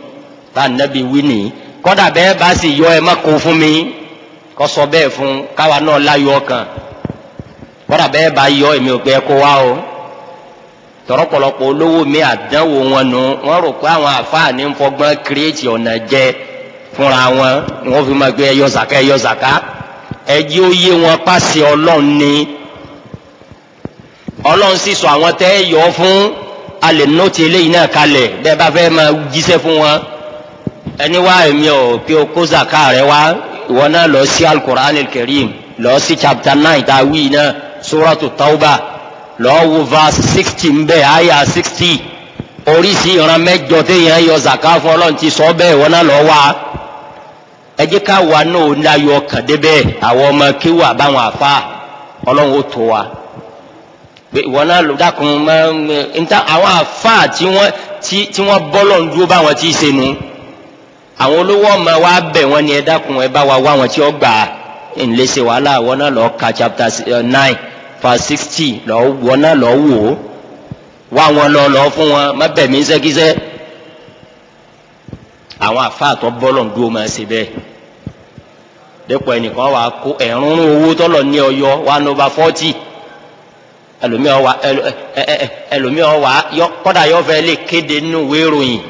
bá anabi wí nìyí kọ́dà bẹ́ẹ̀ bá sì yọ ẹ má kó fún mi kọ́ sọ bẹ́ẹ̀ fún káwa náà láyọ̀ ọkàn kọ́dà bẹ́ẹ̀ bá yọ èmi ò pé ẹ kó wá o tọrọpọlọpọ olówó mi àdánwò wọn nu wọn rò pé àwọn àfáà ní fọgbọ́n kírètì ọ̀nà jẹ fúnra wọn ni wọn fi máa gbé ẹyọ zàká ẹyọ zàká ẹjí ó yé wọn pàṣẹ ọlọ́run ni ọlọ́run sì sọ àwọn tẹ́ yọ fún alẹ́ eléyìí náà kalẹ̀ bẹ́ẹ̀ bá fẹ́ máa jíṣẹ́ fún wọn ẹni wá èmi ò pé o kó zàká rẹ wá ìwọ náà lọ sí alukur'an kẹrim lọ sí chapter nine tá a wí náà suratu tauba. lọ́ọ́ wo 60 sixty ń 60 àyà sixty oríṣi ìran mẹ́jọ téèyàn yọ zaka fún ọlọ́run ti sọ bẹ́ẹ̀ wọn náà lọ́ọ́ wá ẹ jẹ́ ká wa náà ọkàn débẹ̀ àwọn ọmọ kíwà báwọn àfa ọlọ́run ó tó wa náà dákun àwọn àfa tí wọ́n dúró báwọn ṣe nu àwọn olówó ọmọ wa bẹ̀ wọ́n ẹ dákun ẹ bá wa wá wọn tí ó gbà ń lè ṣe fa sixty lọ wọ́n náà lọ wò ó wá wọn lọ lọ fún wọn má bẹ̀ mí sẹ́kísẹ́ àwọn àfáàtọ̀ bọ́lọ̀ ń dúró máa ṣe bẹ́ẹ̀ dẹ́pọ̀ ẹnìkan wà á kó ẹ̀rún owó tọ́lọ̀ ní ọyọ one over forty ẹlòmíọ wà ẹlòmíọ wà kọ́dà yọ fẹ́ lè kéde nínú ìwé ìròyìn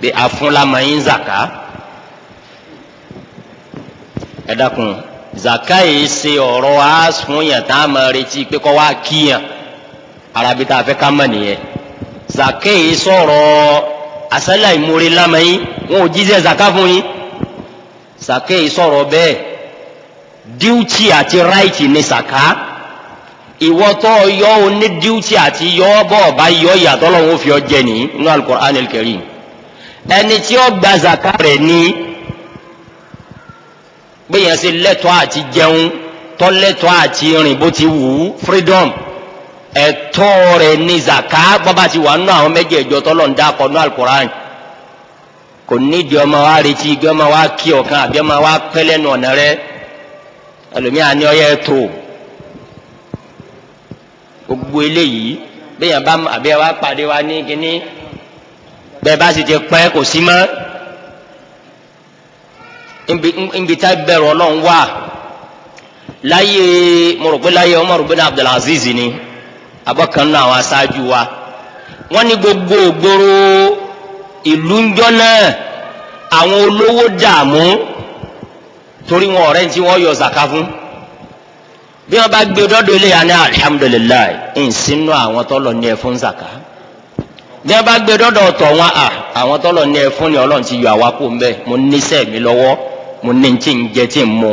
pé àfúnlámọ̀ yín zàká ẹ dákun zaka yìí ṣe ọ̀rọ̀ asùnyàn tá a máa retí pé kọ́ wá kíyàn arabi tá a fẹ́ ká mọ̀ nìyẹn zaka yìí sọ̀rọ̀ asálà ìmúre lámẹ́yìn wọn ò jíṣẹ́ zaka fún yín zaka yìí sọ̀rọ̀ bẹ́ẹ̀ díútì àti ráìtì ni zaka ìwọ yọ ọ ní díútì àti yọ ọ bọ̀ ọba yọ ìyàtọ̀ lọ́wọ́ fi ọ jẹ nìyí nínú Al-Qur'an al ẹni tí ó gba zaka rẹ̀ ní gbéyàn ṣe lẹ́tọ̀ọ́ àti jẹun tọ́lẹ́tọ̀ọ́ àti rìn bó ti wù ú freedom ẹ̀tọ́ rẹ̀ ní zaka bọ́ba ti wà nínú àwọn mẹ́jẹ̀ẹ̀jọ tọ́lọ̀ ń dákọ̀ ní alukoran kò nídìí ọmọ wa retí igi ọmọ wa kí ọ̀kan àbí ọmọ wa pẹ́ lẹ́nu ọ̀nà rẹ ẹlòmíà ní ọyẹ tó gbogbo eléyìí bẹ́ẹ̀ bá àbí ẹ wá pàdé wa ní kínní bẹ́ẹ̀ bá sì ti pẹ́ kò sí mọ́ níbi tá bẹ̀rù ọlọ́run wà láyé mo rò pé láyé Umar bin Abdul Aziz ni abọ́kànnú àwọn aṣáájú wa wọ́n ní gbogbo ògbóró ìlú ń jọ́ náà àwọn olówó dààmú torí wọn ọ̀rẹ́ tí wọ́n yọ zaka fún bí wọ́n bá gbé dọ́dọ̀ ilé yàrá alihamudulilayi nsínú àwọn tọ́lọ̀ ní ẹ fún zaka bí wọ́n bá gbé dọ́dọ̀ ọ̀tọ̀ wọn à àwọn tọ́lọ̀ ní ẹ fún ni ọlọ́run ti yọ àwa kó ń bẹ́ẹ̀ mo níṣẹ́ mi lọ́wọ́ mo ní tí ń jẹ tí ń mu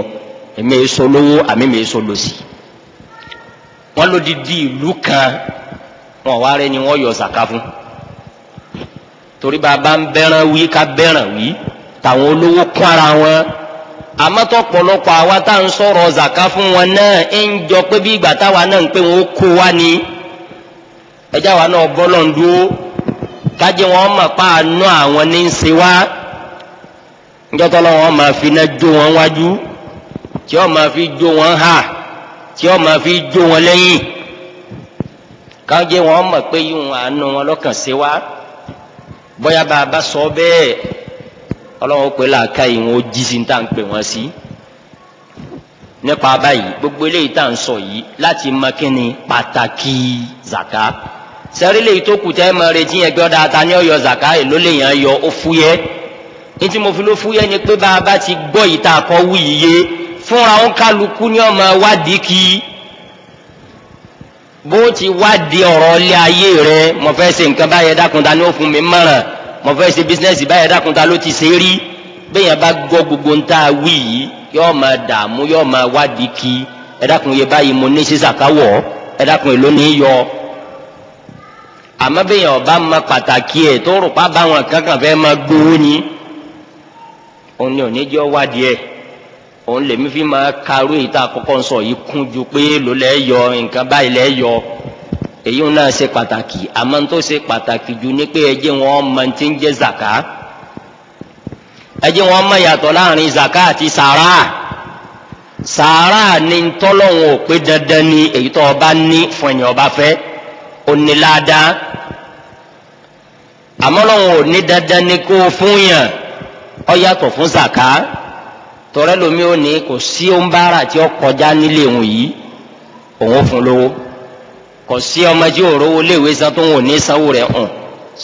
èmi èso e lówó àmì mi èso e lòsì wọn ló di di ìlú kan wọn wá rẹ ni wọ́n yọ sàká fún torí bàbá ń bẹ́ràn wí ká bẹ́ràn wí tàwọn olówó kún ara wọn àmọ́tọ́ pọ̀lọpọ̀ àwa tá à ń sọ̀rọ̀ zaka fún wọn náà ń jọ pé bí ìgbà táwa náà ń pè wọ́n kó wa ni ẹjá wa náà bọ́lọ̀ ń dúró wọn mọ̀ pa àánú àwọn ní ń ṣe wá njọ́tọ́lọ́ wọn máa fi iná jó wọn wájú tí ó máa fi jó wọn hà tí ó máa fi jó wọn lẹ́yìn káwọn jẹ́ wọn mọ̀ pé yíwọn àánú wọn lọ́kàn sí wa bóyá bá a bá sọ bẹ́ẹ̀ ọlọ́run pé làákà yìí wọn ó jí sí tá à ń pè wọ́n sí nípa báyìí gbogbo eléyìí tá à ń sọ yìí láti mọ kí ni pàtàkì zaka sẹ́rí lèyí tó kù tẹ́ mọ retí yẹn gbọ́dọ̀ ata ní zaka èló lèyàn yọ ó fúyẹ́ ntí mo fi ló fúyẹ́ ni pé bá a bá ti gbọ́ yìí tá a kọ́ wí yìí yé fúnra ó kálukú ní ọmọ wádìí kí bó ti wádìí ọ̀rọ̀ ilé ayé rẹ mo fẹ́ ṣe nǹkan báyẹn dákúnta ni ó fún mi mọ̀ràn mo fẹ́ ṣe bísínẹ́sì báyẹn dákúnta ló ti ṣe rí bẹ́yẹn bá gbọ́ gbogbo ń tá a wí yìí máa dààmú yọ́ọ́ máa wádìí kí ẹ yẹ báyìí mo ní sísàkáwọ̀ ẹ dákun èló ní í yọ àmọ́ bẹ́yẹn ọba máa pàtàkì ẹ̀ tó rò pa báwọn kankan fẹ́ máa gbowó ni òun ni òní jẹ́ wádìí ẹ̀ òun lèmi fi máa karú èyí tá a kọ́kọ́ sọ yìí kún ju pé ló lẹ́ yọ nǹkan báyìí lẹ́ yọ èyí náà ṣe pàtàkì àmọ́ tó ṣe pàtàkì ju ni pé ẹjẹ́ wọn mọ ti ń jẹ́ zaka ẹjẹ́ wọn mọ yàtọ̀ láàrin zaka àti sàrà sàrà ni tọ́lọ́hún ò pé dandan ni èyí tó ọba ní fún ẹ̀yìn ọba fẹ́ onílàdá àmọ́ lọ́hún ò ní dandan ni kó o fún yàn ó yàtọ̀ fún zaka tọrẹ lomi ò ní kò sí òǹbàrà tí ó kọjá nílé òun yìí òun fún lówó kò sí ọmọ tí ò rówó léwé san tó ń wò ní sanwó rẹ̀ hàn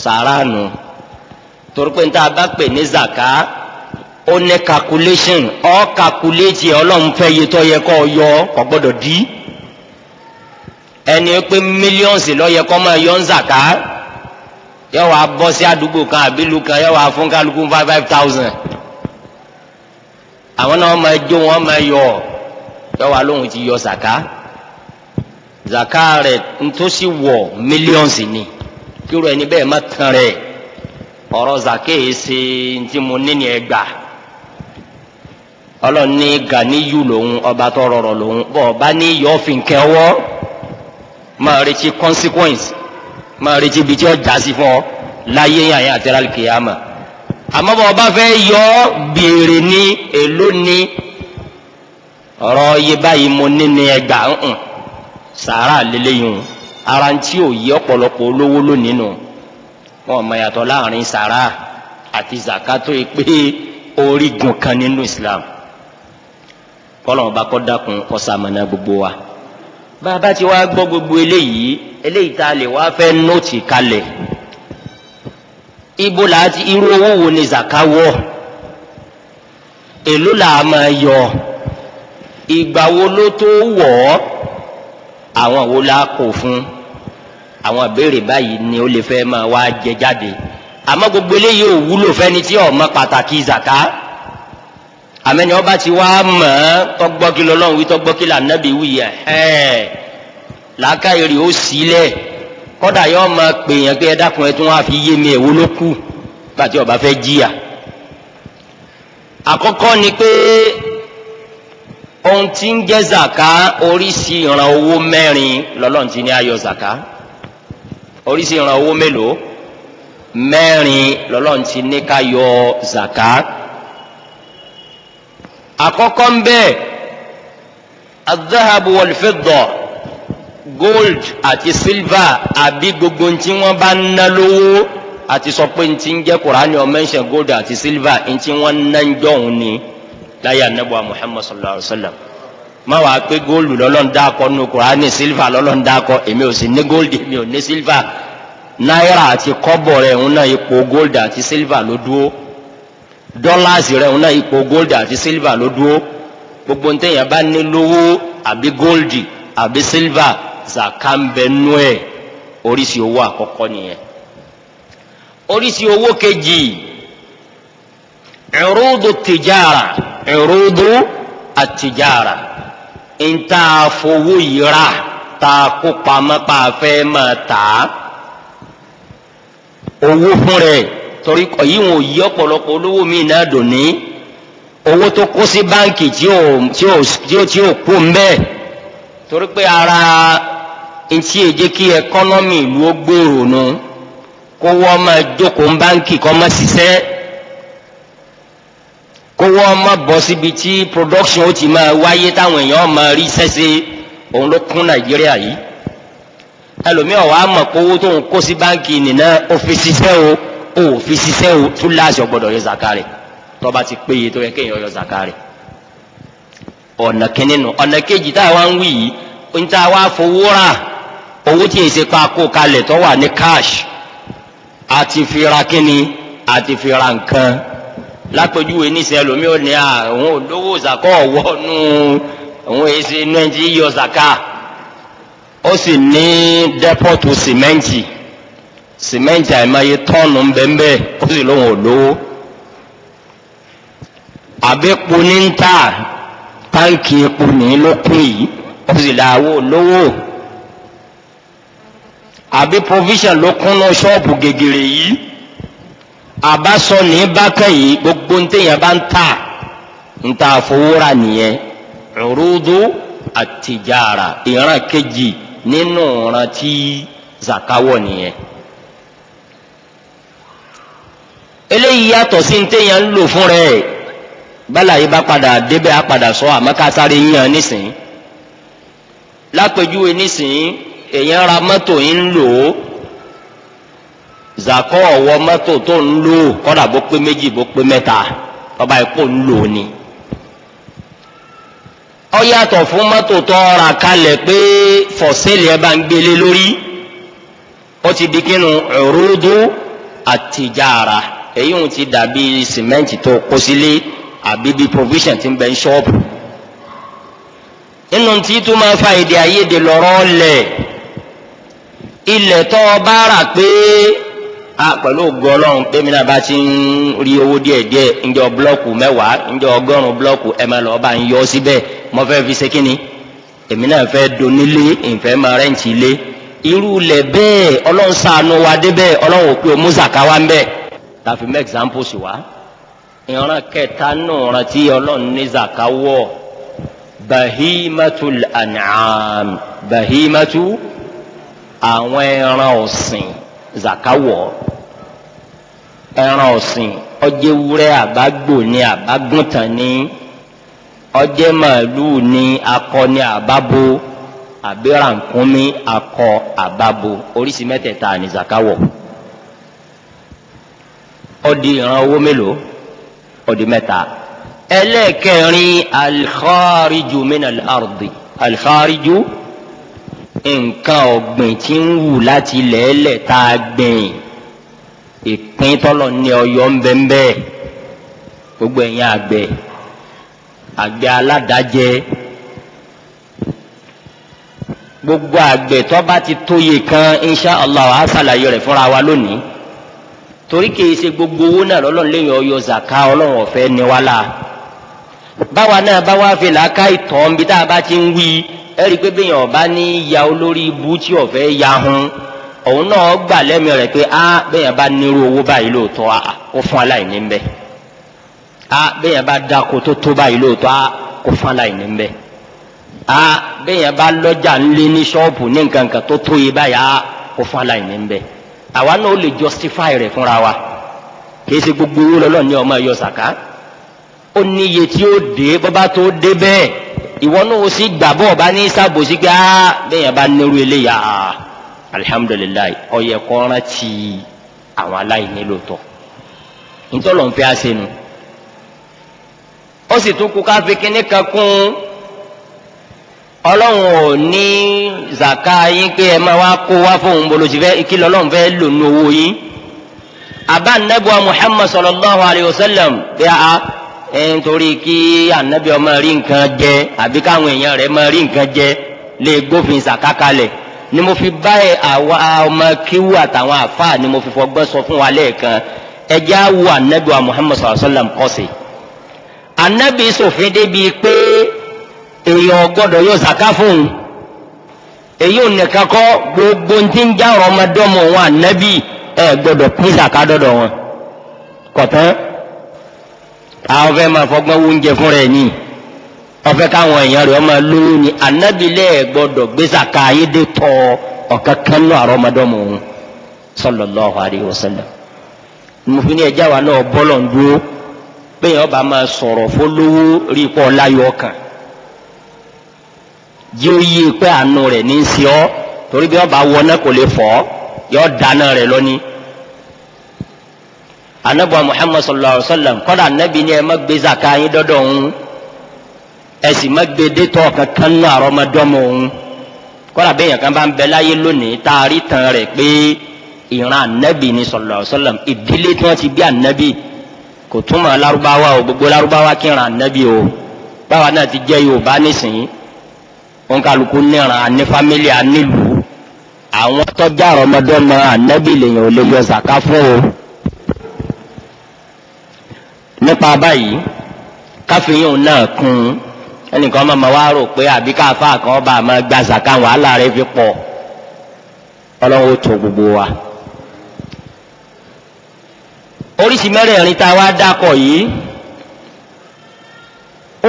sàrà nù torí pé níta bá pè ní zaka ó ní calculation ọ calculate ọlọ́run fẹ́ yẹ tó yẹ kó yọ kò gbọ́dọ̀ dí ẹni pé millions ló yẹ máa yọ ń zaka. yóò wá bọ́ sí àdúgbò kan àbílù kan yóò wá fún kálukú five five thousand àwọn náà máa jó wọn máa yọ yóò wá lóhùn ti yọ Zaka. zaka rẹ̀ ntòsí wọ mílíọ̀nsì ni kíro ẹni bẹ́ẹ̀ má tán rẹ̀ ọ̀rọ̀ zaka yìí ṣe ntí mo níní ẹ gbà ọlọ́ni ganiyu lòun ọba tó rọrọ lòun bọ́ọ̀ bá ní yọ̀ọ́fin kẹwọ́ máa retí consequence. máa retí ibi tí ó já sí fún ọ láyé yàyà àti alikiyama àmọ́ bá ọba fẹ́ yọ ọ́ béèrè ní èló ní ọ̀rọ̀ yé báyìí mo ní ní ẹgbà ńhùn sàárà lélẹ́yìn ara ń tí ò yí ọ̀pọ̀lọpọ̀ olówó lónìí nù wọn mọ yàtọ̀ láàrin sàárà àti zakato yìí pé orígun kan nínú Islam kọ́lọ́mù bá kọ́ dákun kọ́ sàmánà gbogbo wa bàbá tí wàá gbọ́ gbogbo eléyìí eléyìí tá a lè wá fẹ́ nóòtì kalẹ̀ ibo làti irú owó wo ni zaka wọ̀ èló là á máa yọ ìgbà wo ló tó wọ̀ ọ́ àwọn wo la kò fún àwọn ìbéèrè báyìí ni ó lè fẹ́ máa wá jẹ jáde àmọ́ gbogbo eléyìí ò wúlò fẹ́ni tí ò mọ pàtàkì zaka àmẹ́ni ọba ti wá mọ̀ ọ́ tọ́gbọ́ kí lọ́lọ́run wí tọ́gbọ́ kí lànàbí wí ẹ̀ ẹ́ làákàyèrè ó sílẹ̀ kọ́dà yọ ọmọ pèèyàn pé ẹ dákun ẹ tún wá fi yé mi ẹ̀wọ́ ló kù bàtí ọba fẹ́ jìyà. àkọ́kọ́ ni pé ohun tí ń jẹ́ zaka oríṣi ìran owó mẹ́rin lọ́lọ́run ti ní ayọ̀ zaka oríṣi ìran owó mélòó mẹ́rin lọ́lọ́run ti ní ká yọ zaka àkọ́kọ́ ń bẹ́ẹ̀ adáhàbù wọlfẹ́dọ̀ gold àti silver àbí gbogbo tí wọ́n bá ń ná lówó àti sọ pé ntí ń jẹ́ kuraani ó mention gold àti silver ntí wọ́n ń ná ń dọ̀hún ni láyé anabuwa muhammad sallallahu alayhi wa sallam má wàá pé góòlù lọ́lọ́n dákọ̀ nù kùránì sílfà lọ́lọ́n dákọ̀ èmi ò sì ní góòlù èmi ò ní sílfà náírà àti kọ́bọ̀ rẹ̀ ń ná ipò góòlù àti sílfà ló dúró dọ́làsì rẹ̀ náà ipò gold àti silver ló dúró gbogbo ntẹ̀yìn bá ní lówó àbí gold àbí silver zaka ń bẹ nú ẹ̀ oríṣi owó àkọ́kọ́ nìyẹn oríṣi owó kejì ẹ̀rúdù tìjára ẹ̀rúdù àtìjára ń tá a fowó yìí tá a kó pamọ́ pa afẹ́ máa tà á owó fún rẹ̀ torí èyí wọn ò yí ọ̀pọ̀lọpọ̀ olówó mi náà dùn ní owó tó kó sí báǹkì tí ò kú ń bẹ́ẹ̀ torí pé ara ntí èjé kí ẹkọ́nọ́mì ìlú ó gbòòrò nu kó wọ́n máa jókòó ń báǹkì kọ́ máa ṣiṣẹ́ kó wọ́n máa bọ̀ síbi tí production ó ti máa wáyé táwọn èèyàn máa rí sẹ́sẹ́ òun ló kún nàìjíríà yìí ẹlòmíràn wàá mọ̀ pé owó tóun kó sí báǹkì nìna ó fi ṣiṣẹ́ o o ò fi ṣiṣẹ́ o tún láàṣì ọgbọ́dọ̀ yọ zaka rẹ̀ tó bá ti péye tó yẹ kéèyàn yọ zaka rẹ̀ ọ̀nà kínní nu ọ̀nà kejì tá a wá ń wí yìí ń tá a wá fowó rà owó tí èsì pa kó kalẹ̀ tó wà ní cash àti fi ra kínní àti fi ra nǹkan lápèjúwe níṣẹ́ lomi ò ní à òun ò lówó zakọ́ ọ̀wọ́ nù òun èsì nàìjíríyọ zaka ó sì ní dẹ́pọ̀tù sìmẹ́ǹtì sìmẹ́ǹtì àìmọye tọ́ọ̀nù ń bẹ́ẹ̀ bẹ́ẹ̀ ó sì lóun ò lówó àbẹ́po ní ń tà táǹkì epo ní lókun yìí ó sì láwó lówó àbí provision ló kúnnú ṣọ́ọ̀bù gègèrè yìí àbásọ ní bákan yìí gbogbo ní téèyàn bá ń tà ń ta àfowórà nìyẹn urudu àtijàrà ìran kejì nínú ìran tí zakawọ nìyẹn. eléyìí yàtọ̀ sí ní téèyàn ń lò fún rẹ̀ bálàyé bá padà débẹ̀ á padà sọ àmọ́ ká sáré yàn nísìnyí lápèjúwe nísìnyí èèyàn ra mọ́tò yìí ń lò ó zakọ ọwọ mọ́tò tó ń lò kódà bó pé méjì bó pé mẹ́ta ọba ìpò ń lò ni ó yàtọ̀ fún mọ́tò tó ra kalẹ̀ pé fọ̀sẹ́lì ẹ̀ bá ń gbélé lórí ó ti di kínu urudu àtijára èyí ń ti dàbí sìmẹ́ǹtì tó kó sílé àbí bí provision ti ń bẹ ń ṣọ́ọ̀bù nínú tí tó máa fa èdè àìyedè lọ́rọ́ lẹ̀ ilẹ̀ tó o bá rà pé a pẹ̀lú ògo ọlọ́run pé mi náà bá ti ń rí owó díẹ̀ díẹ̀ ǹjẹ́ búlọ́ọ̀kù mẹ́wàá ǹjẹ́ ọgọ́rùn-ún búlọ́ọ̀kù ẹ̀ máa lọ́ọ́ bá ń yọ síbẹ̀ mo fẹ́ fi ṣe kínni èmi náà fẹ́ donílé ìfẹ́ máa rẹ́ǹtì ilé irú ilẹ̀ bẹ́ẹ̀ ọlọ́run ṣàánú wa débẹ̀ ọlọ́run ò pé o mú zàká ń bẹ́ẹ̀ tàfi mẹ́ examples wá ìran kẹta nù ìran tí ọlọ́run ní zaka wọ̀ bahimatul an'am bahimatu àwọn ẹran ọ̀sìn zaka wọ̀ ẹran ọ̀sìn ọjẹ́ wúrẹ́ àbágbò ní àbágùntàn ní ọjẹ́ màálù ní akọ ní àbábo àbí akọ àbábo oríṣi mẹ́tẹ̀ẹ̀ta ní zaka ó di ìran owó mélòó ó di mẹ́ta ẹlẹ́ẹ̀kẹrin alikhariju minal ardi alikhariju nǹkan ọ̀gbìn tí ń wù láti lẹ́ẹ̀lẹ̀ tá a gbìn ìpín tọ́lọ̀ ní ọyọ́ ńbẹ́ńbẹ́ gbogbo ẹ̀yin àgbẹ̀ àgbẹ̀ aládàájẹ gbogbo àgbẹ̀ tó bá ti tóye kan insha allah wa rẹ̀ fúnra wa lónìí torí kìí ṣe gbogbo owó náà lọ́lọ́run lè yàn ọyọ zaka ọlọ́run ọ̀fẹ́ ni wá la báwa náà bá fi làákà ìtàn bí tá a bá ti ń wí ẹ rí i pé bẹ́ẹ̀ yàn ọba ní ya olórí ibú tí ọ̀fẹ́ ya hun òun náà gbà lẹ́mìí rẹ̀ pé a bẹ́ẹ̀ yàn bá nírú owó báyìí lóòótọ́ a kó fún aláìní ń bẹ a bẹ́ẹ̀ yàn bá dáko tó tó báyìí lóòótọ́ a kó fún aláìní ń bẹ a bẹ́ẹ̀ yàn bá lọ́jà ńlé ní ṣọ́ọ̀bù ní nǹkan kan tó tó yẹ báyìí a kó fún aláìní ń bẹ́ẹ̀ àwa náà ó lè justify rẹ̀ fúnra wa kì í ṣe gbogbo owó lọ́lọ́run ní ọmọ yọ sàká ó níye tí ó dé bọ́bá tó dé bẹ́ẹ̀ ìwọ náà ó sì gbà bọ́ ọba ní sàbòsí pé áá bẹ́ẹ̀ bá nírú eléyà alihamudulilayi ọyẹ kọ́ran ti àwọn aláìní lóòótọ́ nítorí wọn fi àṣẹ nu ó sì tún kú ká fi kún un ọlọ́run ò ní zaka yín pé ẹ máa wá kó wá fóun bolojì fẹ́ kí lọ́lọ́run fẹ́ lò nù owó yín àbá anabiwa muhammad sallallahu alayhi wa sallam bí a ẹ ń torí kí anabi ọmọ rí nǹkan jẹ àbí káwọn èèyàn rẹ máa rí nǹkan jẹ lè gbófin zaka kalẹ̀ ni mo fi báyìí àwa ọmọ kíwú àtàwọn àfa ni mo fi fọgbọ́n sọ fún wa lẹ́ẹ̀kan ẹjẹ́ àwọ anabiwa muhammad sallallahu alayhi wa sallam kọ́ sí i anabi sòfin débi pé èèyàn gbọ́dọ̀ yóò fún un èyí ò nìkan kọ́ gbogbo ti ń já ọmọdọ́mọ wọn ànábì ẹ gbọ́dọ̀ pín sàká dọ́dọ̀ wọn kọ̀tán àwọn fẹ́ máa fọgbọ́n oúnjẹ fún rẹ ni ọfẹ́ káwọn èèyàn rẹ̀ ọmọ ni ànábì gbé ayédè tọ kan mufin wa yí ó yí pé àánú rẹ̀ ní í ṣe ọ́ torí bí wọ́n bá wọ náà kò lè fọ́ yọ dáná rẹ̀ lọ́ní. anabuwa muhammad sallallahu alaihi wa sallam kọ́dà anabi ni ẹ má gbé zaka yín dọ́dọ̀ òun ẹ sì má gbé détọ́ kankan náà àrọ́mọdọ́mọ òun kọ́dà bẹ́ẹ̀ yẹn kan bá ń bẹ láyé lónìí tá a rí tan rẹ̀ pé ìran anabi ni sallallahu alaihi wa sallam ìdílé tí wọ́n ti bí anabi kò túmọ̀ lárúbáwá o gbogbo lárúbáwá kí ìran anabi o báwa náà ti jẹ́ yorùbá nísìnyí wọn kálukú níran àní fámílì ànílùú àwọn tọ́jà rọmọdọ́mọ ànábì lèyàn ò lè yọ zàká fún o. nípa báyìí káfíyìn náà kún ẹnìkan máa wá rò pé àbí káfá kan ọba máa gba zàká wàhálà rẹ fi pọ̀ ọlọ́run tó gbogbo wa oríṣi mẹ́rẹ̀ẹ̀rin tá a wá dákọ̀ yìí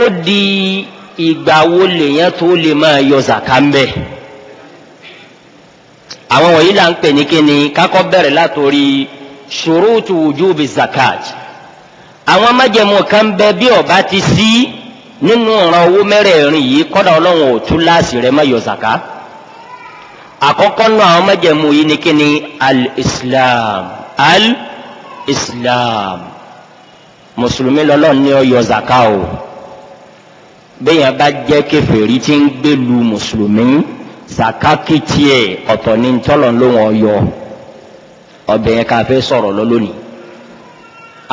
ó di ìgbà wo lèèyàn tó lè máa yọ zaka ń bẹ àwọn wọ̀nyí là ń pè ní kíni kákọ́ bẹ̀rẹ̀ látòrí ṣurutu wujubi zakat àwọn májẹ̀mú kan bẹ bí ó bá ti sí nínú ọ̀ràn owó mẹ́rẹ̀ẹ̀rin yìí kọ́dà ọlọ́run ò láàsì rẹ̀ má yọ zaka àkọ́kọ́ nù àwọn májẹ̀mú yìí ní kíni al-islam al-islam mùsùlùmí lọ́lọ́run ní ó yọ zaka o bẹ́yàn bá jẹ́ kèfèrí tí ń gbélu mùsùlùmí sàkákìtì ẹ̀ ọ̀tọ̀ ní tọ́lọ̀ ló wọn yọ ọbẹ̀ yẹn ká fẹ́ sọ̀rọ̀ lọ lónìí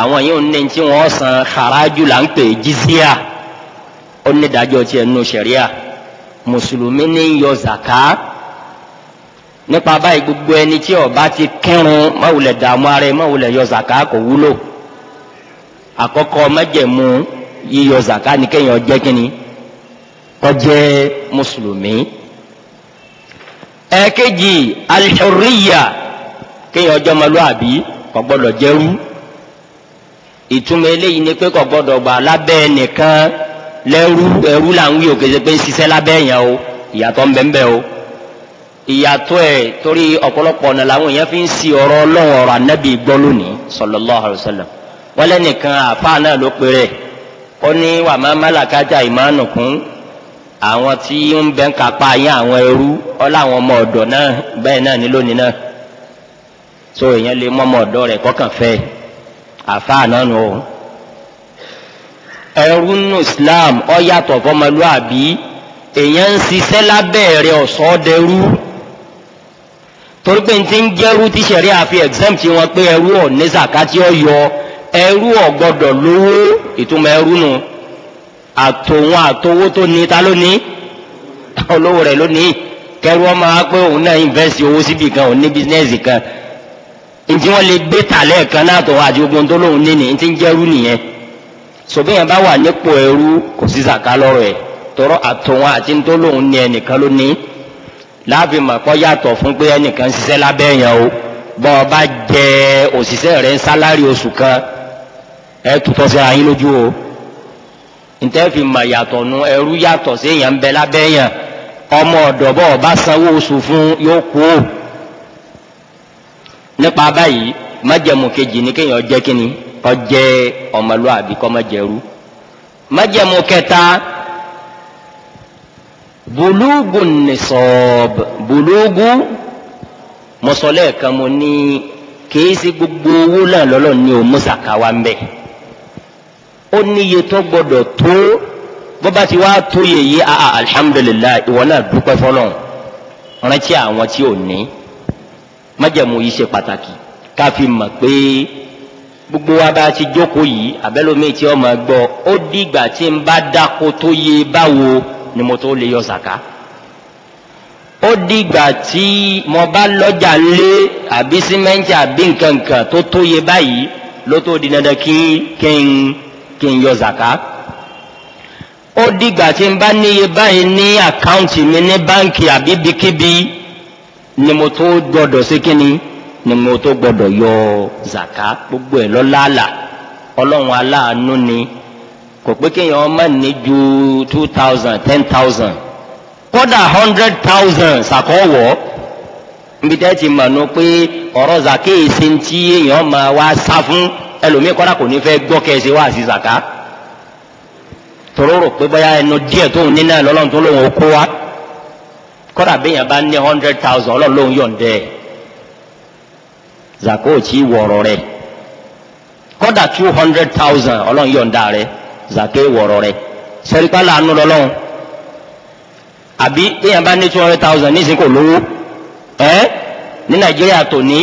àwọn yìí ń ní tí wọ́n san xaraju là ń pè jizíà ó ní dájọ́ tiẹ̀ nù sẹ̀ríà mùsùlùmí ní yọ zaka nípa báyìí gbogbo ẹni tí ó ti kírun máwùlẹ̀ dààmú ara ẹ máwùlẹ̀ yọ zaka kò wúlò àkọ́kọ́ mẹ́jẹ̀mú yíyọ zaka ni kéèyàn jẹ́ kínní kó jẹ́ mùsùlùmí. ẹ̀ẹ́kejì alihurriya kéèyàn jẹ́ ọmọlúwàbí kò gbọ́dọ̀ jẹ́rú ìtumọ̀ eléyìí ni pé kò gbọ́dọ̀ gbà lábẹ́ nìkan lẹ́rú ẹrú là ń wí òkè ṣe pé ń ṣiṣẹ́ lábẹ́ yẹn o ìyàtọ̀ ń o ìyàtọ̀ ẹ̀ torí ọ̀pọ̀lọpọ̀ ọ̀nà làwọn èèyàn fi ń si ọ̀rọ̀ ọlọ́run ọ̀rọ̀ anábì gbọ́ lónìí sallallahu alaihi wasallam wọ́n lẹ́nìkan àfa náà ló pe rẹ̀ ó ní wà má málàkájà ìmánùkún àwọn tí ń bẹ́ ń kápá yín àwọn ẹrú ọláwọn ọmọ ọ̀dọ̀ náà bẹ́ẹ̀ náà ní lónìí náà so èèyàn lè mọ́ ọmọ ọ̀dọ̀ rẹ̀ kọ́kàn fẹ́ àfáà náà nù ọ́ ẹrú nù Islam ọ yàtọ̀ fọmọlúàbí èèyàn ń ṣiṣẹ́ lábẹ́ rẹ̀ ọ̀sọ́ dẹrú torí pé n ti ń jẹ́rú tíṣẹ̀rí àfi exempt wọn pé ẹrú ọ̀ ní ọ̀ ẹrú ọ̀gbọ́dọ̀ lówó ìtumọ̀ ẹrú nù àtòun àtowó tó ní ta ló ní *laughs* olówó rẹ ló ní kẹrù ọmọ wa òun náà invest owó síbi kan òun ní bísínẹ́sì kan ntí wọ́n lè gbé tà lẹ́ẹ̀kan náà tó àti ogun tó lóun ni ntí ń jẹ́rú nìyẹn sòbí yẹn bá wà nípò ẹrú kò sí zaka lọ́rọ̀ ẹ̀ tọrọ àtòun àti tó lóun ní ẹnìkan ló láàfin mà kọ́ fún o jẹ òṣìṣẹ́ rẹ̀ ń sálárì kan ẹ tutọ́ sí ara yín lójú o ntẹ́fì mọ̀ yàtọ̀ nu ẹrú yàtọ̀ sí èèyàn ń bẹ lábẹ́ yàn ọmọ ọ̀dọ̀ bọ̀ ọba sanwó oṣù fún yóò kú o nípa báyìí májẹ̀mú kejì ní kéèyàn jẹ́ kínní ọjẹ́ ọmọlúwàbí kọ́ májẹ̀rú májẹ̀mú kẹta bulugu nisọb bulugu mọ̀sọ́lẹ̀ kan mo ní kì í sí gbogbo owó náà lọ́lọ́ ní o mọ́sàkáwá ń bẹ̀ ó níye tó gbọdọ̀ tó bọ́ba ti wá tó yẹ yé aa alihamudulilayi ìwọ náà dúpẹ́ fọlọ́n rántí àwọn tí ò ní májẹ̀mú yìí ṣe pàtàkì ká fi mọ̀ pé gbogbo wa bá ti jókòó yìí abẹ́lómi tí ọmọ gbọ́ ó dìgbà tí n bá dáko tó yé báwo ni mo tó lè yọ sàká ó dìgbà tí mo bá lọ́jà lé àbí símẹ́ǹtì àbí nǹkan tó tó yé báyìí ló tó di dandan kí kí n kí n yọ zaka ó dìgbà tí n bá níye báyìí ní àkáǹtì mi ní báǹkì àbí bikíbi ni mo tó gbọ́dọ̀ ṣe kíni ni mo tó gbọ́dọ̀ yọ zaka gbogbo ẹ lọláàlà Ọlọ́run aláàánú ni kò pé kéèyàn ọmọ ní ju two thousand ten thousand kódà hundred thousand ṣàkọwọ níbi tẹ́ ti mọ̀ nù pé ọ̀rọ̀ zaka ti èèyàn máa wá sá fún ẹlòmíì kọ́dà kò ní fẹ́ gbọ́ kẹ́sì wá sí zaka tòró rò pé bóyá ẹnu díẹ̀ tóun ní náà lọ́lọ́run tó lóun kó wa kọ́dà béèyàn bá ní hundred thousand ọlọ́run lóun yọ̀ǹdẹ́ ẹ̀ zaka ò tí ì wọ̀rọ̀ rẹ̀ kọ́dà two hundred thousand ọlọ́run yọ̀ǹda rẹ̀ zaka ì wọ̀rọ̀ rẹ̀ sẹ́ríkà làánú lọ́lọ́run àbí béèyàn bá ní two hundred thousand nísìnyí kò lówó ẹ́ ní nàìjíríà tòní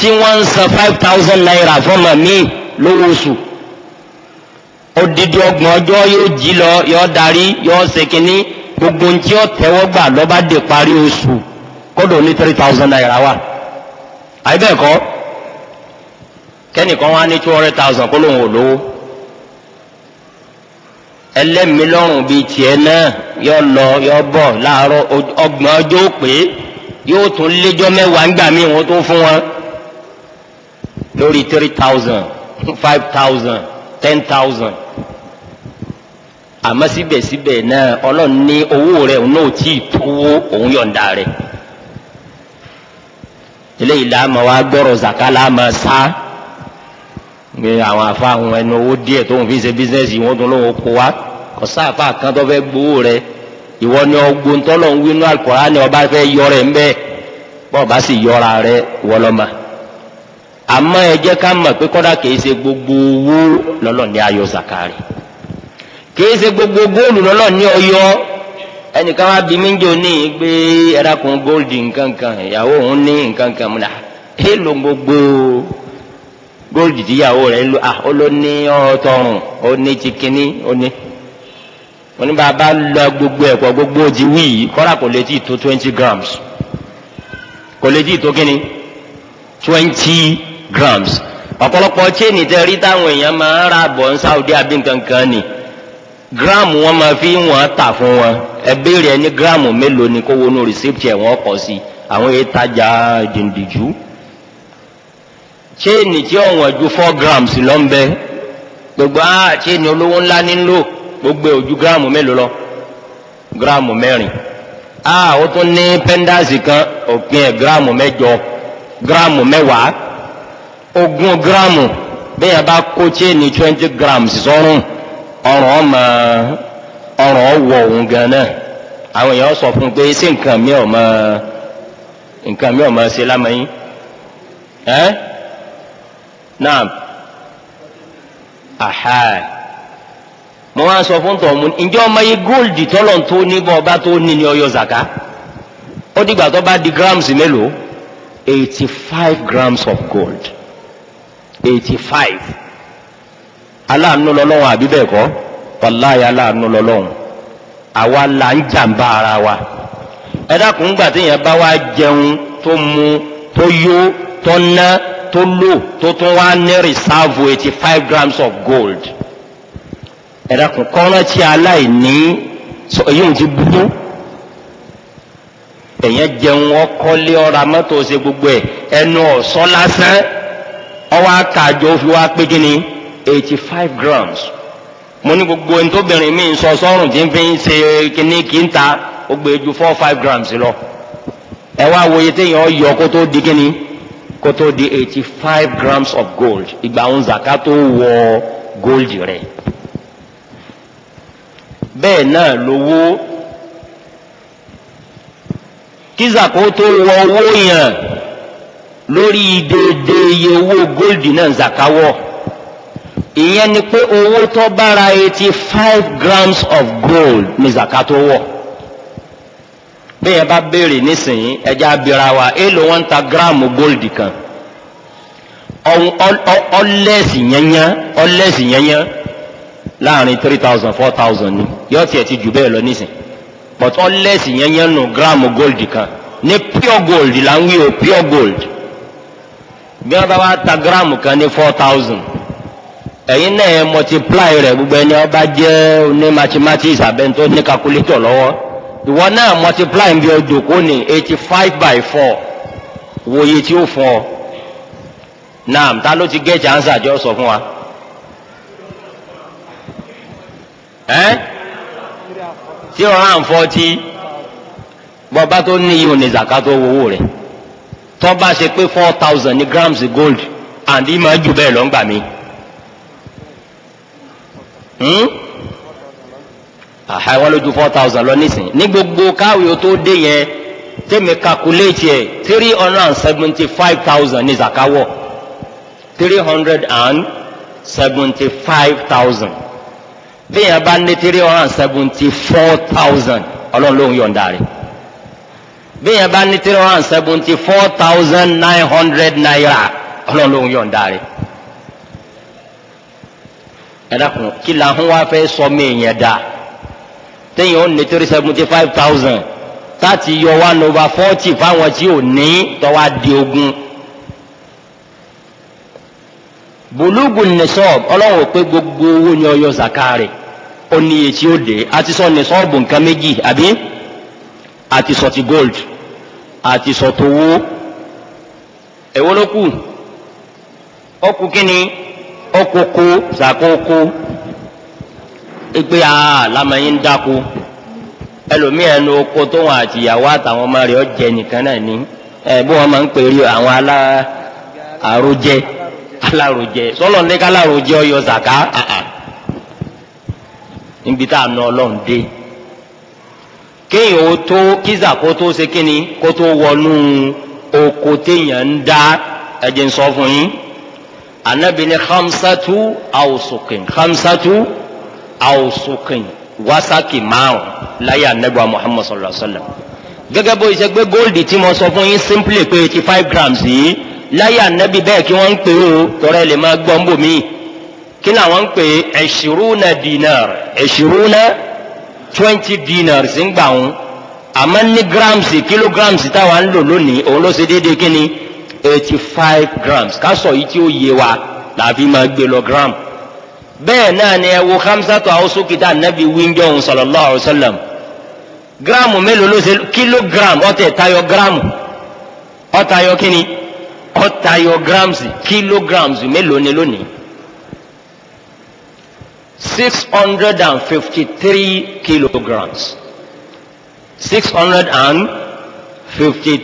tí wọ́n ń san five thousand naira fọmọ mi lówó oṣù odidi ọgbọ̀n ọjọ́ yóò jí lọ yóò darí yóò ṣe kínní gbogbo ntí ó tẹ́wọ́ gbà lọ́ba dé parí oṣù kọ́dọ̀ ní three thousand naira wa àyè bẹ́ẹ̀ kọ́ kẹ́nìkan wá ní two hundred thousand kó lóun ò lówó ẹlẹ́mìlọ́rùn bíi tiẹ̀ náà yọ lọ yọ bọ̀ láàárọ̀ ọgbọ̀n ọjọ́ pé yóò tún léjọ́ mẹ́wàá ńgbà míì wọ́n tó fún wọn lórí three thousand five thousand ten thousand àmọ́ síbẹ̀síbẹ̀ náà ọlọ́run ní owó rẹ̀ òun náà tí ì tówó òun yọ̀ǹda rẹ̀ eléyìí láàmà wá gbọ́rọ̀ zaka láàmà sá gbé àwọn afa àwọn ẹnu owó díẹ̀ tó ń fi ṣe bísíǹsì wọn tún lóun kó wa kò sáàfà kan tó fẹ́ gbowó rẹ̀ ìwọ ni ọgbọ́n tọ́lọ̀ ń wí ní Al-Qur'ani ọba fẹ́ yọ rẹ̀ ń bẹ́ẹ̀ bọ́ọ̀ bá sì yọra rẹ̀ wọlọ́mà. àmọ́ ẹ jẹ́ ká mọ̀ pé kọ́dà kìí ṣe gbogbo owó lọ́lọ́ ní ayọ̀ zakari kìí ṣe gbogbo góòlù lọ́lọ́ ní ọyọ́ ẹnìkan wá bí méjì òní gbé ẹ̀rákùn góòlù nkankan ìyàwó òun ní nkankan múna ah, èèlò gbogbo góòlù tíyàwó rẹ̀ ń lò rẹ ah, ó ló ní ọ̀tọ̀rùn ó ní chikini ó ní lọ gbogbo ẹ̀kọ́ gbogbo ti wí kọ́dà kò lè grams kò lè tó grams ọ̀pọ̀lọpọ̀ chain tẹ rí táwọn èèyàn máa ń ra bọ̀ ní Saudi àbí nkankan ni gíráàmù wọn máa fi wọn tà fún wọn ẹ béèrè ẹni gíráàmù mélòó ni kó wọnú rìsíptì ẹ̀ wọ́n kọ sí àwọn èyí tajà dìndìjú chain tí ọ̀wọ́n ju four grams lọ ń bẹ gbogbo a chain olówó ńlá nílò gbogbo ojú gíráàmù mélòó lọ Gram mẹ́rin a ó tún ní pẹ́ndàsì kan òpin ẹ̀ gíráàmù mẹ́jọ gíráàmù mẹ́wàá ogún gíráàmù bẹ́ẹ̀ bá kó chain twenty grams sọ́rùn ọrùn ọmọ ọrùn ọwọ́ òun gan náà àwọn èèyàn sọ fún un pé ṣé nǹkan mi ò mọ nǹkan mi ò mọ ṣe lámọ́yìn ẹ́ náà àhà mo wá sọ fún tọ̀hún ǹjẹ́ ọmọ yìí góòlù tọ́lọ̀ tó ní bọ́ ọba tó ní ní ọyọ zaka ó dìgbà tó bá di grams mélòó eighty five grams of gold eighty five aláàánú lọ́lọ́run àbí wàláyé aláàánú lọ́lọ́run àwa la ń jàǹbá ara wa ẹ dákun gbà téèyàn bá wá jẹun tó mu tó yó tó ná tó lò tó tún wá ní rìsáàvù eighty five grams of gold ẹ dákun kọ́ńtà tí aláìní èyí ò ti burú èyàn jẹun ọkọ lé ọra mọ́tò ṣe gbogbo ẹ̀ ẹnu ọ̀sán lásán. ọwọ́ àkàjọ fi wá pé kí ni eighty five grams mo ní gbogbo ntòbìnrin mi sọ sọ́run tí n fi ń ṣe kíní kí n ta ó gbé ju four five grams lọ ẹ wá wòye téèyàn yọ kó tó di kíni kó tó di eighty five grams of gold ìgbà àwọn zaka tó wọ gold rẹ bẹẹ náà lówó kí zaka ó tó wọ owó yẹn. lórí déédéé iye owó gold náà zakawọ́ ìyẹn ni pé owó tó bá ra five grams of gold ní zakato wọ̀ bẹ́ẹ̀ bá béèrè nísìnyí ẹja abira wa èèlò wọn ta gíráàmù góòlù kan ọlẹ́sì yẹnyẹn ọlẹ́sì yẹnyẹn láàrin three thousand four thousand ni yọ tiẹ̀ ti jù bẹ́ẹ̀ lọ nísìn but ọlẹ́sì yẹnyẹn nù gíráàmù góòlù kan ní pure gold là ń wí o pure gold bí wọ́n bá wá ta gíráàmù kan ní four thousand ẹ̀yin náà ẹ multiply rẹ̀ gbogbo ẹni ọba jẹ́ oní mathematics abẹ́ntó ní calculator lọ́wọ́ ìwọ náà multiply bí ọjọ́ ní eighty five by four wo iye tí ó fún ọ ta ló ti answer jọ sọ fún wa. Eh? tí ọ̀ràn forty bọ́ba tó níyì ò ní zakato owó rẹ̀. tó bá ṣe pé four thousand ní grams gold and ìmọ̀ jù bẹ́ẹ̀ lọ ń gbà mí. Hmm? àhàwọn lójú four thousand lọ nísìnyí ní gbogbo káwé tó dé yẹn tẹ́mi calculate ẹ̀ three hundred and seventy five thousand ní zakawọ̀ three hundred and seventy five thousand bí yẹn bá ní three hundred and seventy four thousand ọlọ́run ló ń yọ̀ǹda rẹ̀ bẹ́ẹ̀ bá ní three hundred seventy four thousand nine hundred naira ọlọ́run ló ń yọ̀ǹda rẹ̀. ẹ dákun kí làwọn wá fẹ́ sọ mí yẹn dá téèyàn ó ní three seventy five thousand láti yọ one over forty fáwọn tí ò ní tọ́wá di ogun. bùlùgù nìṣọ́ọ̀b ọlọ́run ò pé gbogbo owó ni ọyọ zakari ó ní iye tí ó dé àti sọ nìṣọ́ọ̀bù nǹkan méjì àbí. àti sọ ti gold àti sọ towó ló kù ọkù kínní ọkọ̀ọ̀kọ̀ sàkóòkó ẹgbẹ́ àá lámàyín ń ẹlòmíì ẹnu oko tóun àtìyàwó àtàwọn ọmọ rẹ̀ ọ̀jẹ̀ nìkan náà ní ẹ bí wọ́n máa ń pè ala àwọn alá àròjẹ alárojẹ sọlọ ní ọyọ zaka níbi tá a kéèyàn ó tó kíza kó tó ṣe kíni kó tó wọnú oko téèyàn ń dá ẹ̀jẹ̀ ń sọ fún yín anabi ni khamsatu awusukin khamsatu awusukin wasaki márùn láyé anabi wa muhammad sallallahu alaihi wa sallam gẹ́gẹ́ bó ṣe gbé góòlì tí mo sọ fún yín simply pé eighty five grams yìí láyé anabi bẹ́ẹ̀ kí wọ́n ń pè ó tọrẹ lè máa gbọ́ ń bò míì kí làwọn ń pè ẹ̀ṣirúnà dinar ẹ̀ṣirúnà twenty dinars ń gbà wọn àmọ́ ní grams kilograms táwa ń lò lónìí òun ló ṣe déédéé kí ni eighty five grams ká sọ yìí tí ó yé wa làbí máa gbé lọ gram bẹ́ẹ̀ náà ni ẹ wo hamsatu awosokita anabi wíńjọ́hún sallallahu alayhi wa sallam gíráàmù mélòó ló ṣe kílógíráàmù ọ̀tẹ̀ tayọ gíráàmù ọ̀tayọ kíni ọ̀tayọ gíráàmù kílógíráàmù mélòó ni lónìí Six hundred 653 kilograms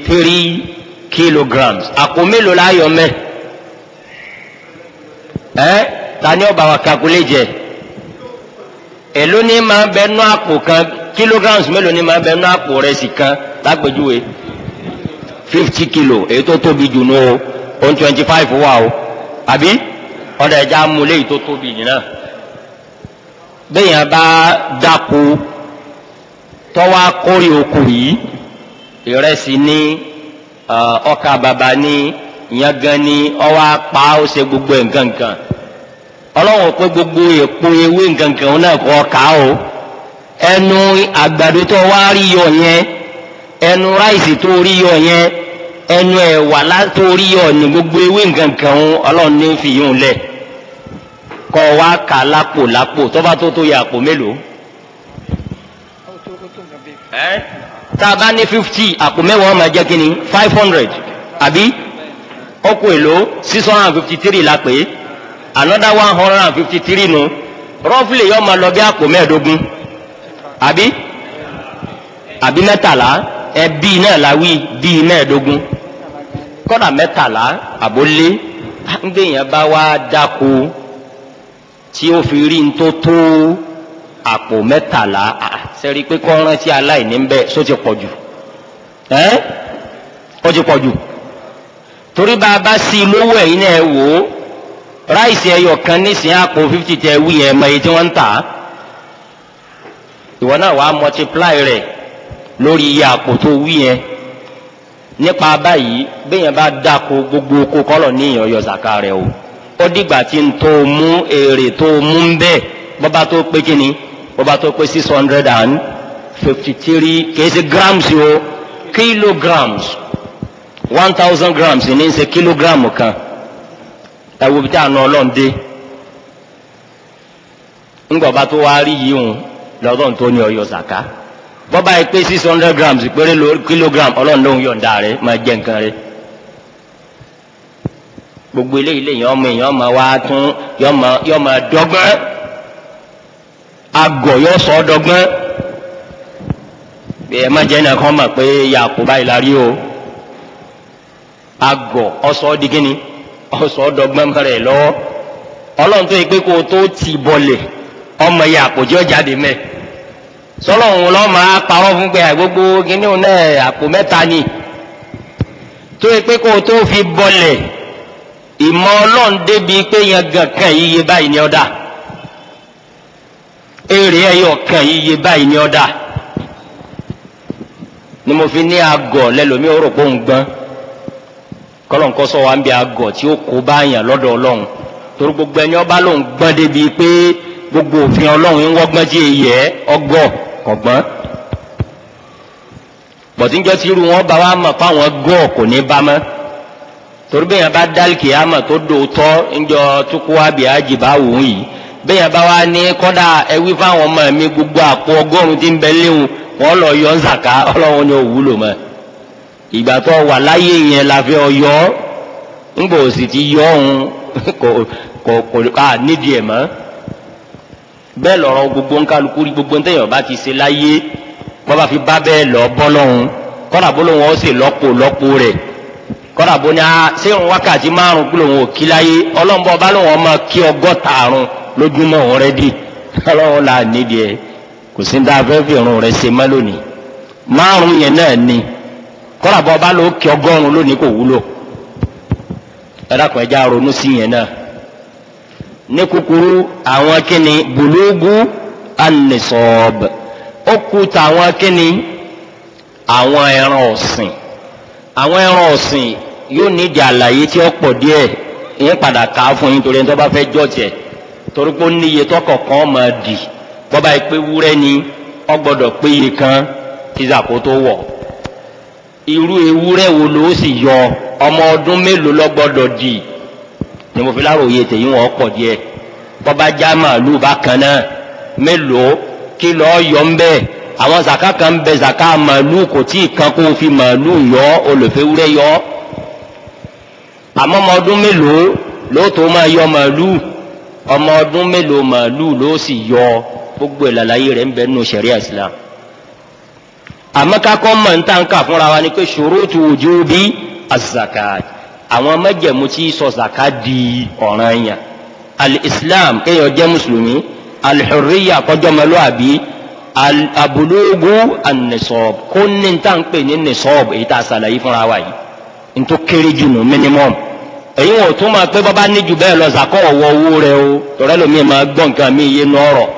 three kilograms àpò mélòó la yọ mẹ́ ẹ́ ta ni ọba wa kakule jẹ èló ni máa bẹ nú àpò kan kilograms mélòó ni máa bẹ nú àpò rẹ sì kan lágbèjúwe fifty kilo èyí tó tóbi jù nù o one twenty five wà o àbí ọ̀dà ẹ̀já amúlé yìí tó tóbi yìí náà. bẹ́yàn bá dáko tọ́wọ́ akórè oko yìí ìrẹsì ní ọkà bàbà yangan ni ọwọ́ apá ó ṣe gbogbo nǹkan kan gbogbo èpo ewé nǹkan náà kọ́ ká o ẹnu àgbàdo tó wá rí yọ yẹn ẹnu ráìsì tó rí yọ gbogbo ewé ọlọ́run ní fi kọ́ wa kà lápò lápò tọ́ba tó tó yẹ àpò mélòó. tá a bá ní fifty àpò mẹ́wàá máa jẹ́ kínní five hundred àbí ọkọ̀ èlò six hundred and fifty three la pè é another one hundred and fifty three nu roughly yóò máa lọ bí àpò mẹ́ẹ̀ẹ́dógún àbí àbí mẹ́tàlá ẹ bíi náà la wí bíi mẹ́ẹ̀ẹ́dógún kọ́dà mẹ́tàlá àbólé ń gbé yẹn bá wá dáko tí ó fi rí tó tó àpò mẹ́tàlá sẹ́rí pé kọ́ rántí aláìní ń bẹ̀ só ti pọ̀ jù ẹ́ ó ti pọ̀ jù torí bá a bá sí i lówó ẹ̀yin náà ẹ wò ó ráìsì ẹyọ kan nísìnyí àpò fífítì tẹ wí ẹ mọ èyí tí wọ́n ń tà á ìwọ náà wàá multiply rẹ̀ lórí iye àpò tó wí yẹn nípa báyìí béèyàn bá dáko gbogbo oko kọ́lọ̀ ní yọ zaka rẹ̀ o ó dìgbà tí n tó mú èrè tó mú ń bẹ́ẹ̀ bọ́ba tó pé kíni bọ́ba tó pé six hundred and fifty three kìí ṣe grams o kilograms one thousand grams ní ṣe kilogram kan ẹ wo bí tí a nà ọlọ́run dé ńgbọ̀ba tó wá rí yìí òun lọ́dọ̀n tó ní ọyọ zaka bọ́ba yìí pé six hundred grams péré kilogram ọlọ́run ló ń yọ̀ǹda rẹ̀ máa jẹ nǹkan rẹ̀. gbogbo eléyìí lè yàn ọmọ èèyàn ọmọ wa tún yọ ọmọ dọ́gbọ́n agọ yọ sọ dọ́gbọ́n ẹ má jẹ́ nìkan mọ̀ pé yàkó báyìí la rí o agọ ọsọ di kíni ọsọ dọ́gbọ́n mọ̀rẹ̀ lọ́wọ́ ọlọ́run tó yẹ pé kó o tó ti bọ̀lẹ̀ ọmọ ya yàkó jẹ́ jáde mẹ sọlọ́run lọ́ máa parọ́ fún pé àgbógbó gíní náà àpò mẹ́ta ni tó yẹ pé kó o tó fi bọlẹ̀ ìmọ̀ ọlọ́run débi pé yangan kan iye báyìí ni ọ̀dà èrè ẹyọ kan iye báyìí ni ọ̀dà ni mo fi ní agọ̀ lẹ́lòmí ó rò pé òun gbọ́n kọ́lọ́nkọ́ sọ wa ń bi agọ̀ tí ó kó báyàn lọ́dọ̀ ọlọ́run torí gbogbo ẹni ọba lòun gbọ́n débi pé gbogbo òfin ọlọ́run ń wọ́gbọ́n tí èyí ẹ ọgọ́ kọ̀gbọ́n bọ̀tíńjọ́ tí irú wọn bá wa mọ̀ fáwọn gọ́ọ̀ kò ní bá mọ́. torí bẹ́ẹ̀ yẹn bá dálkì àmọ́ tó dòótọ́ ńjọ tukuwa bi bá wù ú yìí bẹ́ẹ̀ yẹn bá wá ní kọ́dà ẹwí fáwọn ọmọ mi gbogbo àpò ọgọ́rùn-ún ti ń bẹ léwu wọ́n lọ yọ ńzàká ọlọ́run ni òwúlò mọ́ ìgbà tó wà láyé yẹn la fi ọyọ́ ńgbò sì ti yọ ọ̀hún *laughs* kò kò kò nídìí ẹ̀ mọ́ bẹ́ẹ̀ lọ́rọ̀ gbogbo rí gbogbo ọba ti láyé fi kọ́dà bó ní a ṣé òun wákàtí márùn kúlò òun ò kí láyé ọlọ́mbọ bá lóun ọmọ kí ọgọ́ta àrùn lójúmọ́ òun rẹ dì ọlọ́run là nídìí ẹ kò sí dáa rẹ ṣe mọ́ lónìí márùn yẹn náà ni kọ́dà bó bá lóun kí lónìí kò wúlò ẹja ronú sí yẹn náà ní kúkúrú àwọn kíni àwọn ẹran ọ̀sìn yóò nídìí àlàyé tí ó pọ̀ díẹ̀ ìyẹn padà kà á fún yín torí ẹni tó bá fẹ́ jọ̀jẹ̀ torí pé ó níye tọkọ̀kan máa dì bọ́ba yìí pé wúrẹ́ ni ó gbọ́dọ̀ pé iye kan tí zàkó tó wọ̀ irú ewúrẹ́ wo ló sì yọ ọmọ ọdún mélòó ló gbọ́dọ̀ dì ni mo fi láròyé tèyí wọn pọ̀ díẹ̀ bọ́ba já màálù bákan náà mélòó kí lọ́ọ́ yọ ń bẹ́ẹ̀ àwọn zaka kan ń bẹ zaka màálù kò tí ì kan kó o fi màálù yọ olùfẹ́wúrẹ́ yọ àmọ́ ọmọ ọdún mélòó lóòótọ́ máa yọ màálù ọmọ ọdún mélòó màálù ló sì yọ gbogbo ìlàlàyé rẹ̀ ń bẹ nínú sẹ̀ríà Islam àmọ́ kakọ́ mọ̀ ń tàn ká fúnra wa ni pé ṣurutu wujubi az-zakat àwọn mẹ́jẹ̀mú tí sọ zaka di ọ̀ranyàn al-Islam kéèyàn jẹ́ mùsùlùmí al-hurriya kọjọ́ mẹ́lú àbí abulóògù anisọ́ọ̀b kó ní n tá n pè ní nisọ́ọ̀b èyí tá a ṣàlàyé fúnra wa yìí n tó kéré jù nù minimum èyí wọn ò tún máa pé bàbá ní jù bẹ́ẹ̀ lọ zakọ́ ọ̀wọ́ owó rẹ o tọ́rẹ́ lomi máa gbọ́ nǹkan mi yé nù ọ̀rọ̀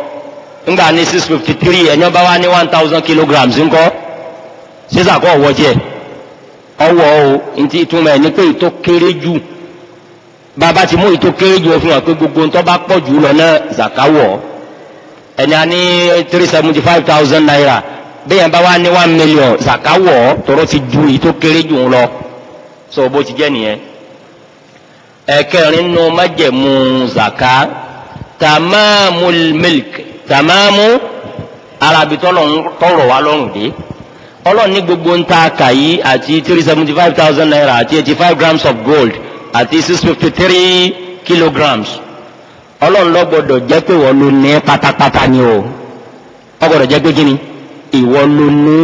ńgbà ní six fifty three ẹ̀yán bá wá ní one thousand kilograms ńkọ́ ṣé zakọ́ ọ̀wọ́ jẹ́ ọwọ́ o ntí ìtumọ̀ ẹ̀ ní pé ìtó kéré jù bàbá ti mú ìtó kéré jù ó fi hàn pé gbogbo ntọ́ bá pọ̀ jù lọ náà zakawọ̀ ẹni a ní three seventy five thousand naira bẹ́ẹ̀ bá wà ní one million zakawọ̀ tọrọ ti ju èyí tó kéré jù ń lọ so bó ti jẹ́ nìyẹn. ẹ̀kẹrin nu májẹ̀mú zaka tamamu milk tamamu arabi tọrọ wa lọ́rùn dé ọlọ́run ní gbogbo ń ta kàyí àti three seventy five thousand naira àti eighty five grams of gold àti six fifty three kilograms ọlọ́run ló gbọ́dọ̀ jẹ́ pé wọ́n ló ní pátápátá ni o ó gbọ́dọ̀ jẹ́ pé kí ni ìwọ ló ní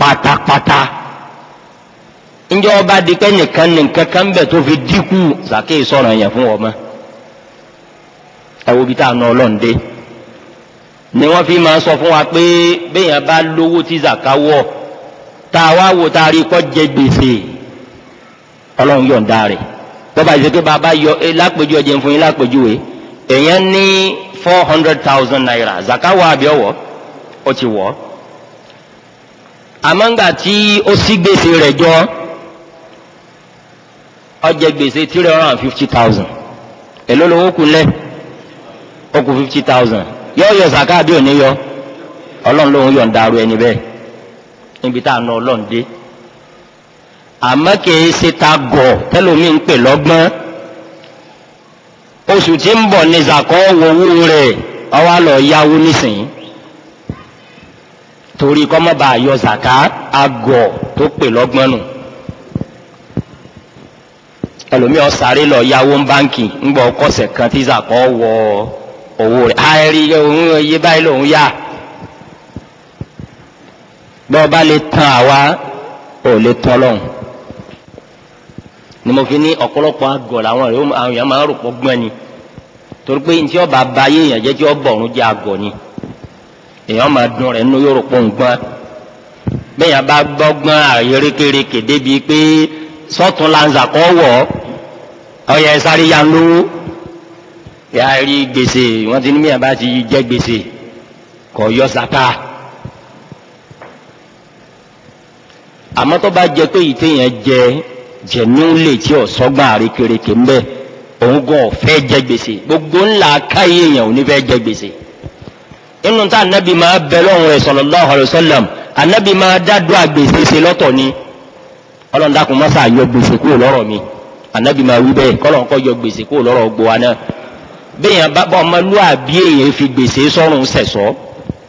pátápátá njẹ́ ọba di pé nìkan nìkan kan bẹ̀ tó fi dínkù sàkéyì sọ̀rọ̀ yẹn fún wọn mọ́ bí tá a nà ọlọ́run ni wọ́n fi máa sọ fún wa pé béèyàn bá lówó tí zaka wọ̀ tá a wá wò tá a rí kọ́ jẹ gbèsè ọlọ́run yọ̀ǹda rẹ̀ bọ́ba ìṣèké bàbá yọ eh, lápèjúwe jẹun fún yín lápèjúwe. èèyàn ní four hundred thousand naira zakawa abiọwọ ó ti wọ̀ ọ́ àmọ́ ńgbà tí ó sí gbèsè rẹ̀ jọ ó gbèsè three hundred and fifty thousand èló lówó kù lẹ́ ó fifty thousand yóò yọ zaka àbí òní yọ ọlọ́run lòun yọ̀ ń darú ẹni bẹ́ẹ̀ níbi tá a nà ọlọ́run dé àmọ́ kì í ṣe ta gọ̀ tẹ́lómi ń pè lọ́gbọ́n. oṣù tí ń bọ̀ ní zakọ́ wo owó rẹ̀ ọwọ́ lọ yáwó nísìnyí torí kọ́mọba àyọ zaka agọ̀ tó pè lọ́gbọ́n nù ẹlòmíì ọ̀sáré lọ yáwó ń báǹkì ńgbọ́ ọkọ̀sẹ̀ kan tí zakọ́ wọ owó rẹ̀ àìrí òun yé báyìí lòun yá bọ́ọ̀ bá lè tan àwa ò lè tan lọ́hùn ni mo fi ní ọ̀pọ̀lọpọ̀ àgọ̀ làwọn àwọn èèyàn máa ń rògbò gbọ́n ni torí pé ntí ọba ba ayé èèyàn jẹ́ tí ọ bọ̀rún jẹ́ àgọ̀ ni èèyàn máa dùn rẹ̀ nínú yóò rògbò gbọ́n bẹ́ẹ̀yàn bá gbọ́gbọ́n àrékérekè débi pé sọ́tún lanza kọ́ wọ̀ ọyẹ sáré ya lówó yà á rí gbèsè wọ́n ti ní mìíràn bá ti jẹ́ gbèsè kọ̀ yọ sàká. àmọ́ tó bá jẹ pé ìtẹ̀yàn jẹ jẹ̀núlẹ̀ tí ọ̀sọ́gbà àrékérekè ń bẹ̀ òun gan ọ̀fẹ́ jẹ gbèsè gbogbo ńlá káyé èèyàn ò ní fẹ́ jẹ gbèsè. inú tá anabi máa bẹ lọ́run rẹ̀ sallallahu alaihi wasallam anabi máa dádó àgbèsè ṣe lọ́tọ̀ ni ọlọ́run dákun má sà yọ gbèsè kúrò lọ́rọ̀ mi anabi máa wí bẹ́ẹ̀ kọ́lọ́n kọ́ yọ gbèsè kúrò lọ́rọ̀ gbòwa náà béèyàn bá bọ́ ọmọlúwàbí èèyàn fi gbèsè sọ́run sẹ̀sọ́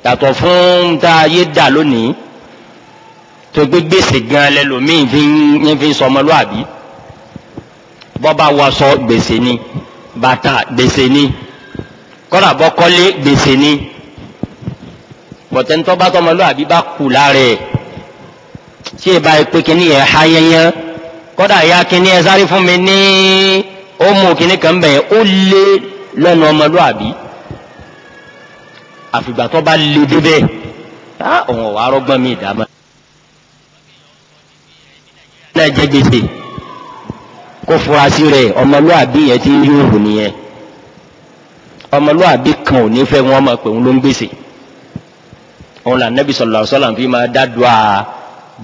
yàtọ̀ fún tá a yé dà lónìí tó gbé gbèsè gan lẹ́lòmíì ní fi ń sọmọlúàbí bọ́ba wọṣọ gbèsè ni bàtà gbèsè ni kọ́là bọ́kọ́lé gbèsè ni bọ̀tẹ́ntọ́ bá tọmọlúàbí bá kù lára ẹ̀ tí ì bá yẹ pé kíní yẹn ha yẹnyẹn kọ́dà ya kíní ẹ sáré fún mi ní ó kíní kan bẹ̀ ó lé lẹ́nu ọmọlúàbí àfìgbà tó bá lé débẹ̀ ọ̀hún ọ̀wá arọ́gbọ́n mi ìdá máa náà jẹ gbèsè kó fura sí rẹ̀ ọmọlúwàbí yẹn ti ń yóò nìyẹn ọmọlúwàbí kan ò ní fẹ́ wọn máa pè wọn ló ń gbèsè òun là nẹ́bí sọ̀rọ̀ sọ́là fi máa dádùá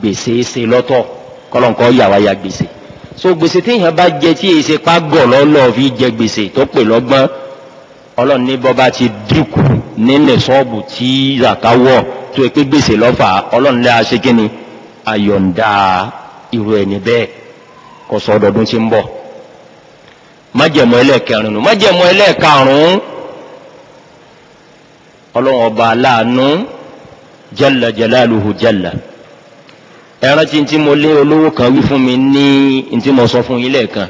gbèsè ṣe lọ́tọ̀ kọ́lọ́nkọ́ yàwá ya gbèsè so gbèsè téèyàn bá jẹ tí èyí ṣe pa gọ̀ lọ́lọ́ fi jẹ gbèsè tó pè lọ́gbọ́n ọlọ́run ní bọ́ba ti dínkù nílẹ̀ sọ́ọ̀bù tí zaka wọ̀ tó yẹ pé gbèsè lọ́fà ọlọ́run lẹ́yà irú ẹni bẹ́ẹ̀ kò sọ ọdọọdún ń bọ̀ májẹ̀mú ẹlẹ́ẹ̀kẹrin nù májẹ̀mú ẹlẹ́ẹ̀karùn-ún ọlọ́run ọba aláàánú jalla jalaluhu jalla ẹran tí mo lé olówó kan wí fún mi ní tí mo sọ fún yín lẹ́ẹ̀kan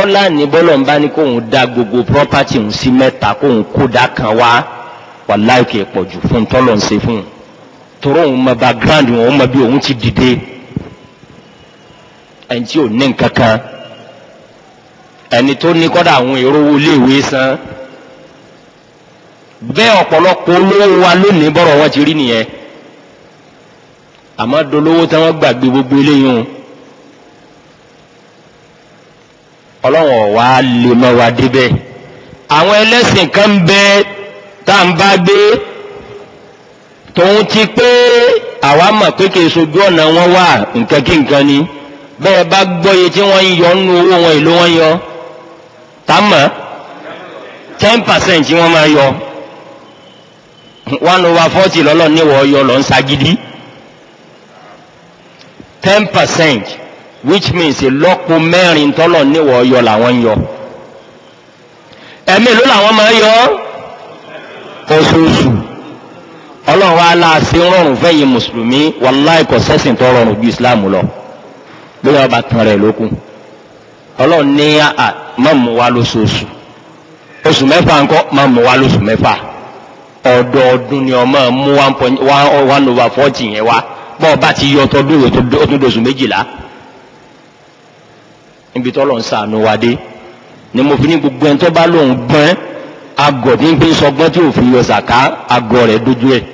ọlá ń da gbogbo property ń sí mẹ́ta kóun kódà kan wá wàláìkè pọ̀jù fún tọ́lọ̀ ń ṣe fún un torí òun mọ background òun mọ bí òun ti dìde ẹni tí ò ní nǹkan kan ẹni tó ní kọ́dà àwọn èrò owó iléèwé san bẹ́ẹ̀ ọ̀pọ̀lọpọ̀ olówó wa lónìí bọ́rọ̀ wọn ti rí nìyẹn àmọ́ dolówó tí wọ́n gbàgbé gbogbo eléyìí ọlọ́wọ̀n wa lè mọ wa débẹ̀ àwọn ẹlẹ́sìn kan bẹ tá à bá gbé tòun ti pé àwa mọ̀ pé kì í sojú ọ̀nà wọn wà nǹkan kí nǹkan ni bẹ́ẹ̀ bá gbọ́ye tí wọ́n ń yọ nínú owó wọn èlò wọn yọ tá mọ̀ ten percent wọ́n máa yọ one over forty lọ́lọ́ níwọ̀ yọ lọ́n ṣagídí ten percent which means lọ́pọ̀ mẹ́rin tọ́lọ̀ níwọ̀ yọ làwọn ń yọ ẹ̀mí ló làwọn máa yọ oṣooṣù ọlọ́run wa la ṣe ń rọrùn fẹ́yìn mùsùlùmí wàláì kò sẹ́sìn tó rọrùn ju islam lọ bóyá ọba tán rẹ̀ lókun ọlọ́run ní àà má mú wa lóṣooṣù oṣù mẹ́fà ńkọ́ má mú wa lóṣù mẹ́fà ọdọọdún ni ọmọ mú one point one over forty yẹn wá bọ́ ọba ti yọ ọtọdún yóò tún dóṣù méjìlá níbi tọ́lọ̀ ń sàánú wa dé ni mo fi ní gbogbo ẹni tó bá lóun gbọ́n agọ̀ ní pé sọgbọ́n tí òfin yọ sàká agọ̀ rẹ̀ dójú ẹ̀.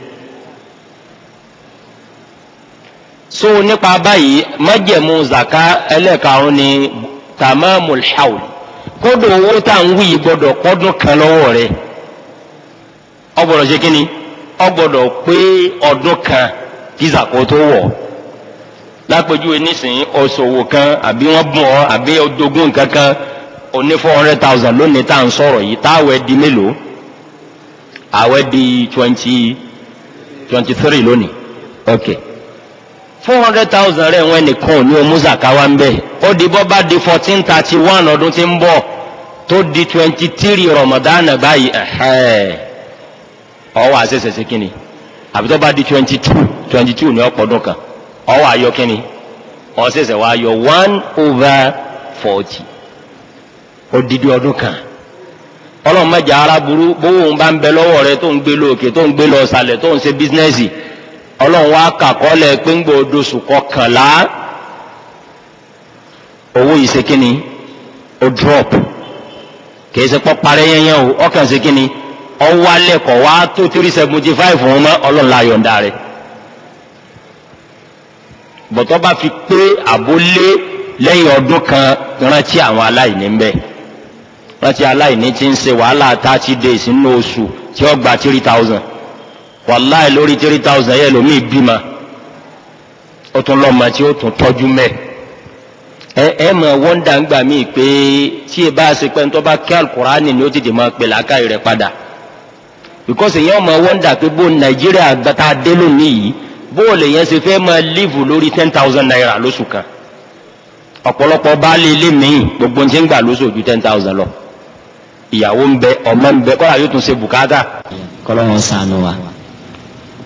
so nípa báyìí májẹ̀mú zaka ẹlẹ́karùn-ún ni tamamul hawl kódò owó tá à ń wí gbọ́dọ̀ pọ́dún kan lọ́wọ́ rẹ̀ ọ gbọ́dọ̀ ṣe kínni ọ gbọ́dọ̀ pé ọdún kan kí zaka tó wọ̀ lápèjúwe nísìnyí ọ̀ṣọ̀wò kan àbí wọ́n bùn ọ́ àbí ọdógún nǹkan oní four hundred thousand lónìí tá à ń sọ̀rọ̀ yìí táwẹ̀ di mélòó àwẹ̀ di twenty twenty three lónìí okay. four hundred thousand rẹ̀ wọn nìkan ò ní o mùsàkà wa ń bẹ̀ ó di bọ́ di fourteen thirty one ọdún tí ń bọ̀ di twenty Ramadan báyìí ọwọ́ àṣẹṣẹ ṣe kínni àbí tó bá di twenty two twenty two ní ọ̀pọ̀ ọdún kan ọwọ́ àyọ kínni ọ̀ṣẹ̀ṣẹ̀ wa yọ one over forty odidi ọdún kan ọlọ́run mẹ́jà ara burú bówó ń bá ń bẹ lọ́wọ́ rẹ tó ń gbé lókè tó ń gbé lọ tó ń ṣe ọlọ́run wá kàkọ́lẹ̀ pé ń gbòdo oṣù kọkànlá owó yìí ó drop kì í ṣe pọ́ parẹ́ yẹnyẹn o ọkàn ṣe kíni ọ wálẹ̀ kọ̀ wá tó three seventy five òun mọ́ ọlọ́run láyọ̀ ń darẹ̀ bọ̀tọ́ bá fi pé àbólé lẹ́yìn ọdún kan rántí àwọn aláìní ń bẹ rántí aláìní tí ń ṣe wàhálà thirty days nínú oṣù tí ó gba three thousand wàláì lórí three thousand yẹn lómi bímọ ó tún lọ́mọ tí ó tún tọ́jú mẹ́ ẹ ẹ mọ wọ́ndà ń gbà mí pé tí ẹ bá ṣe pé nítorí bá kí alukurani ni ó ti dì máa pè làákàyè rẹ̀ padà because ìyẹn ọmọ wọ́ndà pé bó nàìjíríà gbàtà dé lónìí yìí bó o lè yẹn ṣe fẹ́ máa líìfù lórí ten thousand naira lóṣù kan ọ̀pọ̀lọpọ̀ baálé ilé mi gbogbo ní ti ń gbà lóṣù ju ten thousand lọ ìyàwó ń bẹ ọmọ ń bẹ kọ́lá yóò tún ṣe bùkátà. kọ́lọ́run ṣàánú wa.